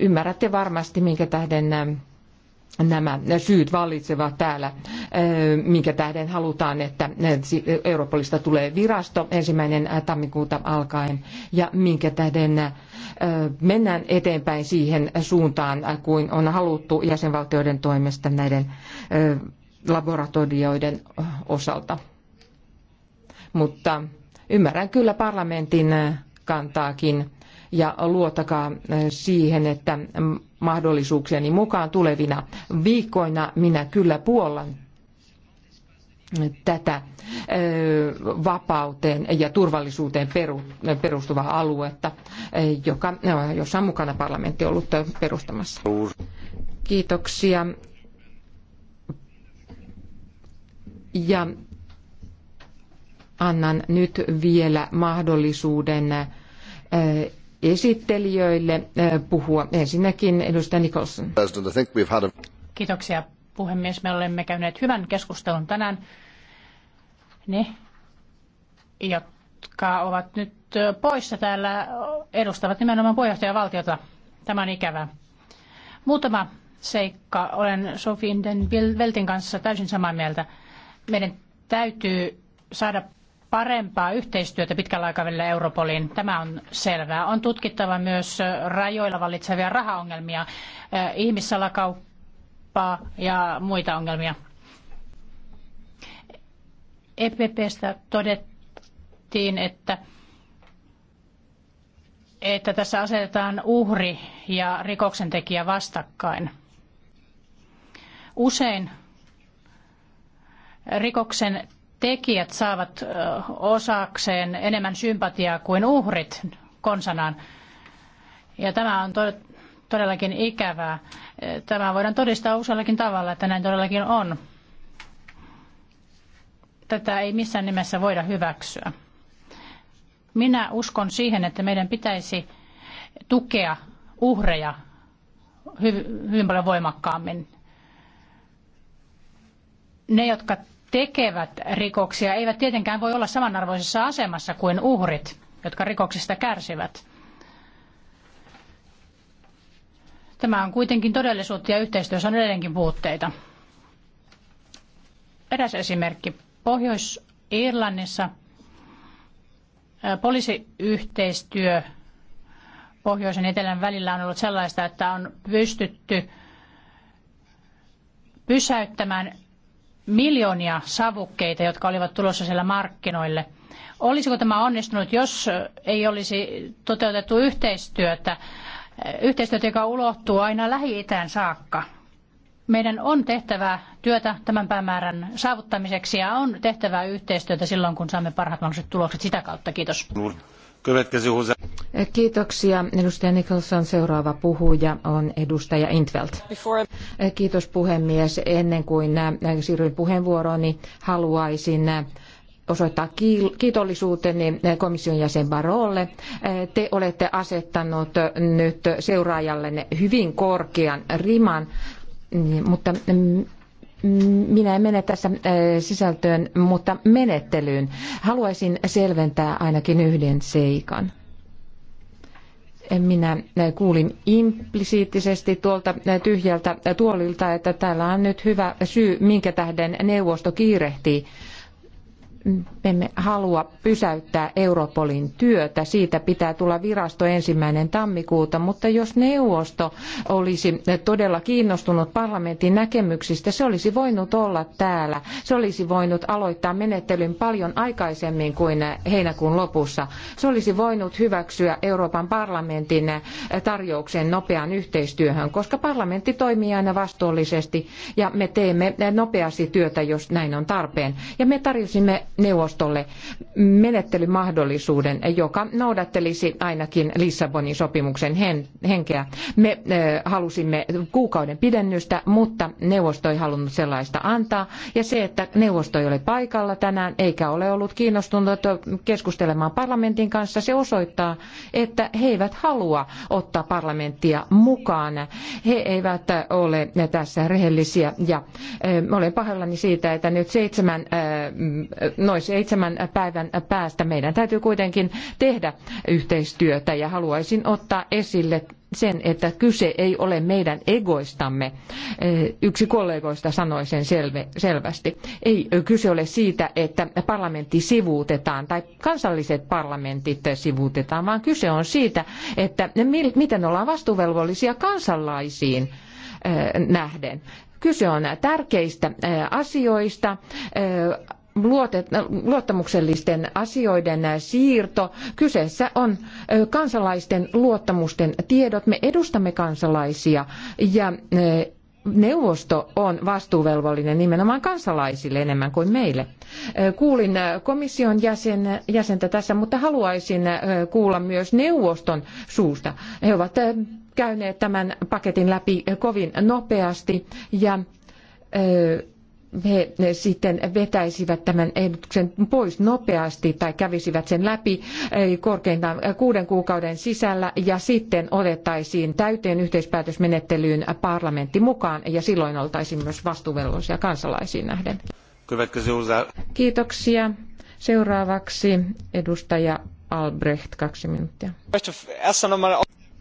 ymmärrätte varmasti, minkä tähden nämä syyt vallitsevat täällä, eh, minkä tähden halutaan, että eh, Europolista tulee virasto ensimmäinen eh, tammikuuta alkaen ja minkä tähden mennään eteenpäin siihen suuntaan, kuin on haluttu jäsenvaltioiden toimesta näiden laboratorioiden osalta. Mutta ymmärrän kyllä parlamentin kantaakin ja luottakaa siihen, että mm, mahdollisuuksieni mukaan tulevina viikkoina minä kyllä puollan tätä vapauteen ja turvallisuuteen perustuvaa aluetta, joka, jossa on mukana parlamentti ollut perustamassa. Kiitoksia. Ja annan nyt vielä mahdollisuuden esittelijöille puhua. Ensinnäkin edustaja Nicholson. Kiitoksia puhemies. Me olemme käyneet hyvän keskustelun tänään. Ne, jotka ovat nyt poissa täällä, edustavat nimenomaan puheenjohtajavaltiota. Tämä on ikävää. Muutama seikka. Olen den Veltin kanssa täysin samaa mieltä. Meidän täytyy saada parempaa yhteistyötä pitkällä aikavälillä Europolin. Tämä on selvää. On tutkittava myös rajoilla vallitsevia rahaongelmia, eh, ihmissalakauppaa ja muita ongelmia. EPPstä todettiin, että että tässä asetetaan uhri ja rikoksentekijä vastakkain. Usein rikoksen tekijät saavat osakseen enemmän sympatiaa kuin uhrit konsanaan. Ja tämä on todellakin ikävää. Tämä voidaan todistaa useallakin tavalla, että näin todellakin on. Tätä ei missään nimessä voida hyväksyä. Minä uskon siihen, että meidän pitäisi tukea uhreja hyvin paljon voimakkaammin. Ne, jotka tekevät rikoksia eivät tietenkään voi olla samanarvoisessa asemassa kuin uhrit, jotka rikoksista kärsivät. Tämä on kuitenkin todellisuutta ja yhteistyössä on edelleenkin puutteita. Eräs esimerkki. Pohjois-Irlannissa poliisiyhteistyö pohjoisen ja etelän välillä on ollut sellaista, että on pystytty pysäyttämään miljoonia savukkeita, jotka olivat tulossa siellä markkinoille. Olisiko tämä onnistunut, jos ei olisi toteutettu yhteistyötä, yhteistyötä, joka ulottuu aina Lähi-Itään saakka? Meidän on tehtävä työtä tämän päämäärän saavuttamiseksi ja on tehtävä yhteistyötä silloin, kun saamme parhaat mahdolliset tulokset sitä kautta. Kiitos. Kiitoksia. Edustaja Nicholson seuraava puhuja on edustaja Intveld. Kiitos puhemies. Ennen kuin äh, siirryn puheenvuoroon, haluaisin äh, osoittaa kiitollisuuteni äh, komission jäsen Barolle. Te olette asettanut nyt seuraajallenne hyvin korkean riman, niin, mutta mm, minä en mene tässä sisältöön, mutta menettelyyn. Haluaisin selventää ainakin yhden seikan. Minä kuulin implisiittisesti tuolta tyhjältä tuolilta, että täällä on nyt hyvä syy, minkä tähden neuvosto kiirehtii me emme halua pysäyttää Europolin työtä. Siitä pitää tulla virasto ensimmäinen tammikuuta, mutta jos neuvosto olisi todella kiinnostunut parlamentin näkemyksistä, se olisi voinut olla täällä. Se olisi voinut aloittaa menettelyn paljon aikaisemmin kuin heinäkuun lopussa. Se olisi voinut hyväksyä Euroopan parlamentin tarjouksen nopeaan yhteistyöhön, koska parlamentti toimii aina vastuullisesti ja me teemme nopeasti työtä, jos näin on tarpeen. Ja me tarjosimme neuvostolle menettelymahdollisuuden, joka noudattelisi ainakin Lissabonin sopimuksen henkeä. Me halusimme kuukauden pidennystä, mutta neuvosto ei halunnut sellaista antaa. Ja se, että neuvosto ei ole paikalla tänään eikä ole ollut kiinnostunut keskustelemaan parlamentin kanssa, se osoittaa, että he eivät halua ottaa parlamenttia mukaan. He eivät ole tässä rehellisiä ja olen pahoillani siitä, että nyt seitsemän noin seitsemän päivän päästä. Meidän täytyy kuitenkin tehdä yhteistyötä ja haluaisin ottaa esille sen, että kyse ei ole meidän egoistamme. Eh, yksi kollegoista sanoi sen selvästi. Ei kyse ole siitä, että parlamentti sivuutetaan tai kansalliset parlamentit sivuutetaan, vaan kyse on siitä, että miten ollaan vastuvelvollisia kansalaisiin eh, nähden. Kyse on tärkeistä eh, asioista, luottamuksellisten asioiden siirto. Kyseessä on kansalaisten luottamusten tiedot. Me edustamme kansalaisia ja neuvosto on vastuuvelvollinen nimenomaan kansalaisille enemmän kuin meille. Kuulin komission jäsen, jäsentä tässä, mutta haluaisin kuulla myös neuvoston suusta. He ovat käyneet tämän paketin läpi kovin nopeasti ja he sitten vetäisivät tämän ehdotuksen pois nopeasti tai kävisivät sen läpi korkeintaan kuuden kuukauden sisällä ja sitten otettaisiin täyteen yhteispäätösmenettelyyn parlamentti mukaan ja silloin oltaisiin myös vastuuvelvollisia kansalaisiin nähden. Kiitoksia. Seuraavaksi edustaja Albrecht, kaksi minuuttia.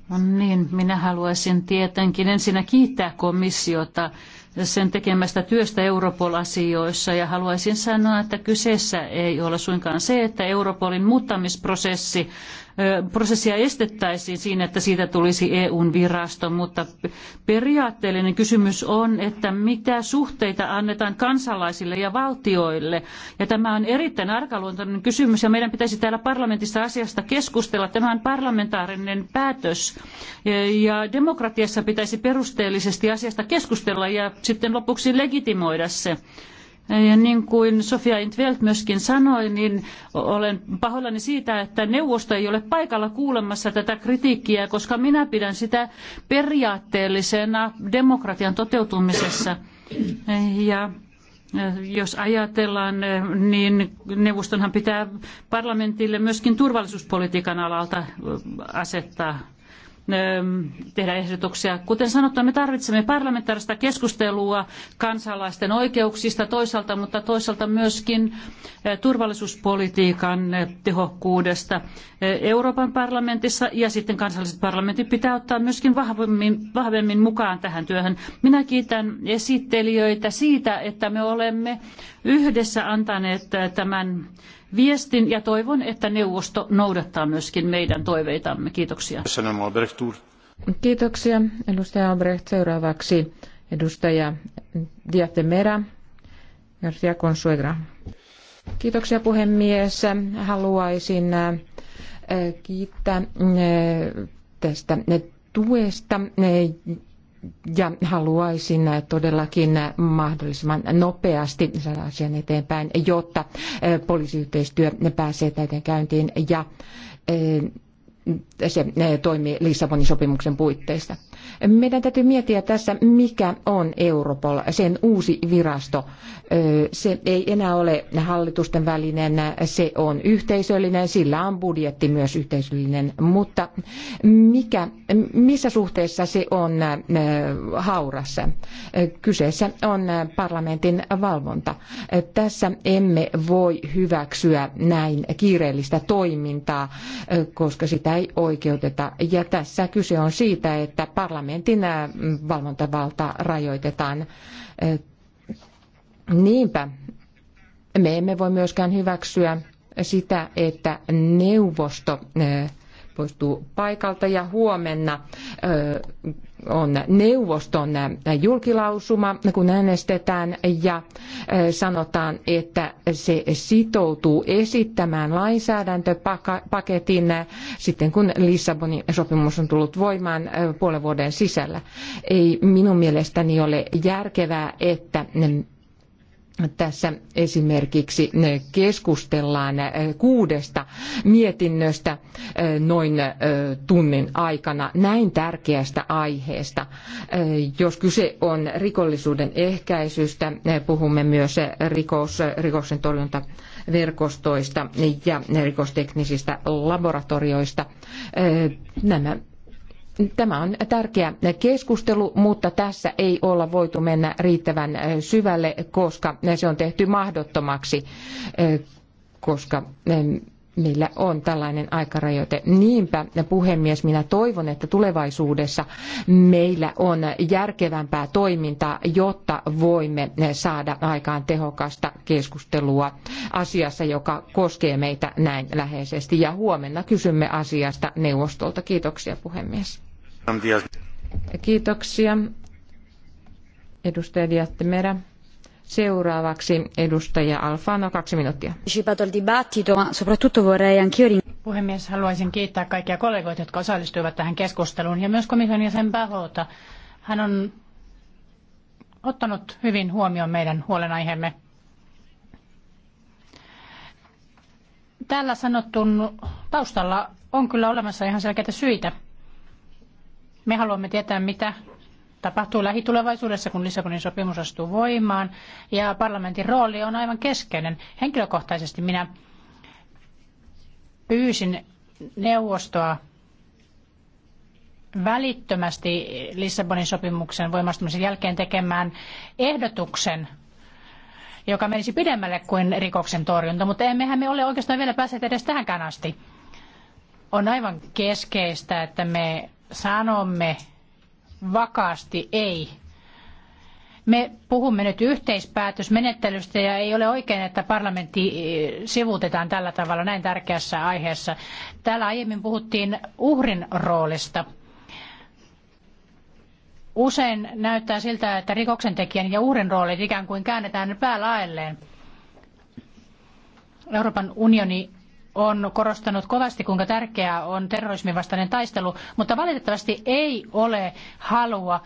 No niin, minä haluaisin tietenkin ensinnä kiittää komissiota sen tekemästä työstä Europol-asioissa ja haluaisin sanoa, että kyseessä ei ole suinkaan se, että Europolin muuttamisprosessi prosessia estettäisiin siinä, että siitä tulisi EUn virasto, mutta periaatteellinen kysymys on, että mitä suhteita annetaan kansalaisille ja valtioille. Ja tämä on erittäin arkaluontoinen kysymys ja meidän pitäisi täällä parlamentissa asiasta keskustella. Tämä on parlamentaarinen päätös ja demokratiassa pitäisi perusteellisesti asiasta keskustella ja sitten lopuksi legitimoida se. Ja niin kuin Sofia Intvelt myöskin sanoi, niin olen pahoillani siitä, että neuvosto ei ole paikalla kuulemassa tätä kritiikkiä, koska minä pidän sitä periaatteellisena demokratian toteutumisessa. Ja jos ajatellaan, niin neuvostonhan pitää parlamentille myöskin turvallisuuspolitiikan alalta asettaa Ähm, tehdä ehdotuksia. Kuten sanottua, me tarvitsemme parlamentaarista keskustelua kansalaisten oikeuksista toisaalta, mutta toisaalta myöskin äh, turvallisuuspolitiikan äh, tehokkuudesta äh, Euroopan parlamentissa ja sitten kansalliset parlamentit pitää ottaa myöskin vahvemmin, vahvemmin mukaan tähän työhön. Minä kiitän esittelijöitä siitä, että me olemme yhdessä antaneet tämän viestin ja toivon, että neuvosto noudattaa myöskin meidän toiveitamme. Kiitoksia. Kiitoksia. Edustaja Albrecht seuraavaksi. Edustaja Diaz de Mera, Garcia Consuegra. Kiitoksia puhemies. Haluaisin äh, kiittää äh, tästä äh, tuesta, ja haluaisin todellakin mahdollisimman nopeasti saada asian eteenpäin, jotta eh, poliisiyhteistyö pääsee täyteen käyntiin ja eh, se eh, toimii Lissabonin sopimuksen puitteissa. Meidän täytyy miettiä tässä, mikä on Europol, sen uusi virasto. Se ei enää ole hallitusten välinen, se on yhteisöllinen, sillä on budjetti myös yhteisöllinen, mutta mikä, missä suhteessa se on haurassa? Kyseessä on parlamentin valvonta. Tässä emme voi hyväksyä näin kiireellistä toimintaa, koska sitä ei oikeuteta. Ja tässä kyse on siitä, että parlamentti parlamentin valvontavalta rajoitetaan. Niinpä me emme voi myöskään hyväksyä sitä, että neuvosto poistuu paikalta ja huomenna on neuvoston julkilausuma, kun äänestetään ja sanotaan, että se sitoutuu esittämään lainsäädäntöpaketin sitten kun Lissabonin sopimus on tullut voimaan puolen vuoden sisällä. Ei minun mielestäni ole järkevää, että tässä esimerkiksi eh, keskustellaan eh, kuudesta mietinnöstä eh, noin tunnin aikana näin tärkeästä aiheesta. Jos kyse on rikollisuuden ehkäisystä, puhumme myös rikos, rikoksen torjuntaverkostoista ja rikosteknisistä laboratorioista. Nämä Tämä on tärkeä keskustelu, mutta tässä ei olla voitu mennä riittävän syvälle, koska se on tehty mahdottomaksi, koska meillä on tällainen aikarajoite. Niinpä, puhemies, minä toivon, että tulevaisuudessa meillä on järkevämpää toimintaa, jotta voimme saada aikaan tehokasta keskustelua asiassa, joka koskee meitä näin läheisesti. Ja huomenna kysymme asiasta neuvostolta. Kiitoksia, puhemies. Kiitoksia. Edustaja Diattemera. Seuraavaksi edustaja Alfano, kaksi minuuttia. Puhemies, haluaisin kiittää kaikkia kollegoita, jotka osallistuivat tähän keskusteluun ja myös komission jäsen Bahota. Hän on ottanut hyvin huomioon meidän huolenaiheemme. Täällä sanottun taustalla on kyllä olemassa ihan selkeitä syitä – me haluamme tietää, mitä tapahtuu lähitulevaisuudessa, kun Lissabonin sopimus astuu voimaan. Ja parlamentin rooli on aivan keskeinen. Henkilökohtaisesti minä pyysin neuvostoa välittömästi Lissabonin sopimuksen voimastumisen jälkeen tekemään ehdotuksen, joka menisi pidemmälle kuin rikoksen torjunta, mutta emmehän me ole oikeastaan vielä päässeet edes tähänkään asti. On aivan keskeistä, että me sanomme vakaasti ei. Me puhumme nyt yhteispäätösmenettelystä ja ei ole oikein, että parlamentti eh, sivuutetaan tällä tavalla näin tärkeässä aiheessa. Täällä aiemmin puhuttiin uhrin roolista. Usein näyttää siltä, että rikoksentekijän ja uhrin roolit ikään kuin käännetään päälaelleen. Euroopan unioni on korostanut kovasti, kuinka tärkeää on terrorismin vastainen taistelu, mutta valitettavasti ei ole halua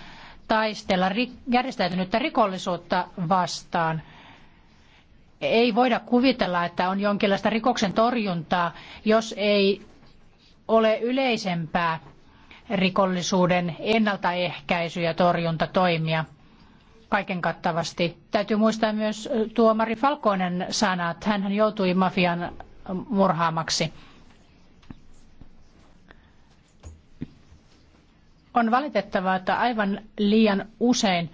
taistella järjestäytynyttä rikollisuutta vastaan. Ei voida kuvitella, että on jonkinlaista rikoksen torjuntaa, jos ei ole yleisempää rikollisuuden ennaltaehkäisy- ja torjuntatoimia kaiken kattavasti. Täytyy muistaa myös tuomari Falkonen sanat. Hän joutui mafian murhaamaksi. On valitettavaa, että aivan liian usein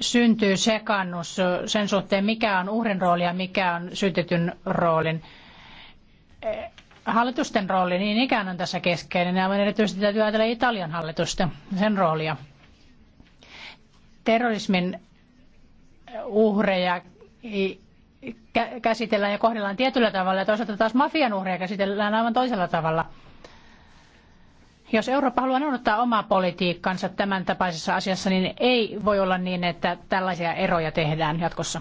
syntyy sekannus sen suhteen, mikä on uhrin rooli ja mikä on syytetyn roolin. Hallitusten rooli niin ikään on tässä keskeinen. Ja erityisesti täytyy ajatella Italian hallitusta, sen roolia. Terrorismin uhreja käsitellään ja kohdellaan tietyllä tavalla ja toisaalta taas mafian uhreja käsitellään aivan toisella tavalla. Jos Eurooppa haluaa noudattaa omaa politiikkansa tämän tapaisessa asiassa, niin ei voi olla niin, että tällaisia eroja tehdään jatkossa.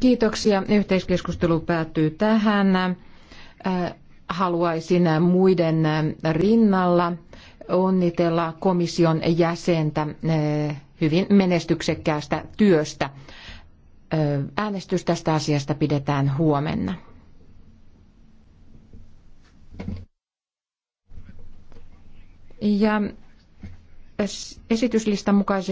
Kiitoksia. Yhteiskeskustelu päättyy tähän. Äh, haluaisin muiden rinnalla onnitella komission jäsentä äh, hyvin menestyksekkäästä työstä. Äänestys tästä asiasta pidetään huomenna. Ja esityslistan mukaisesti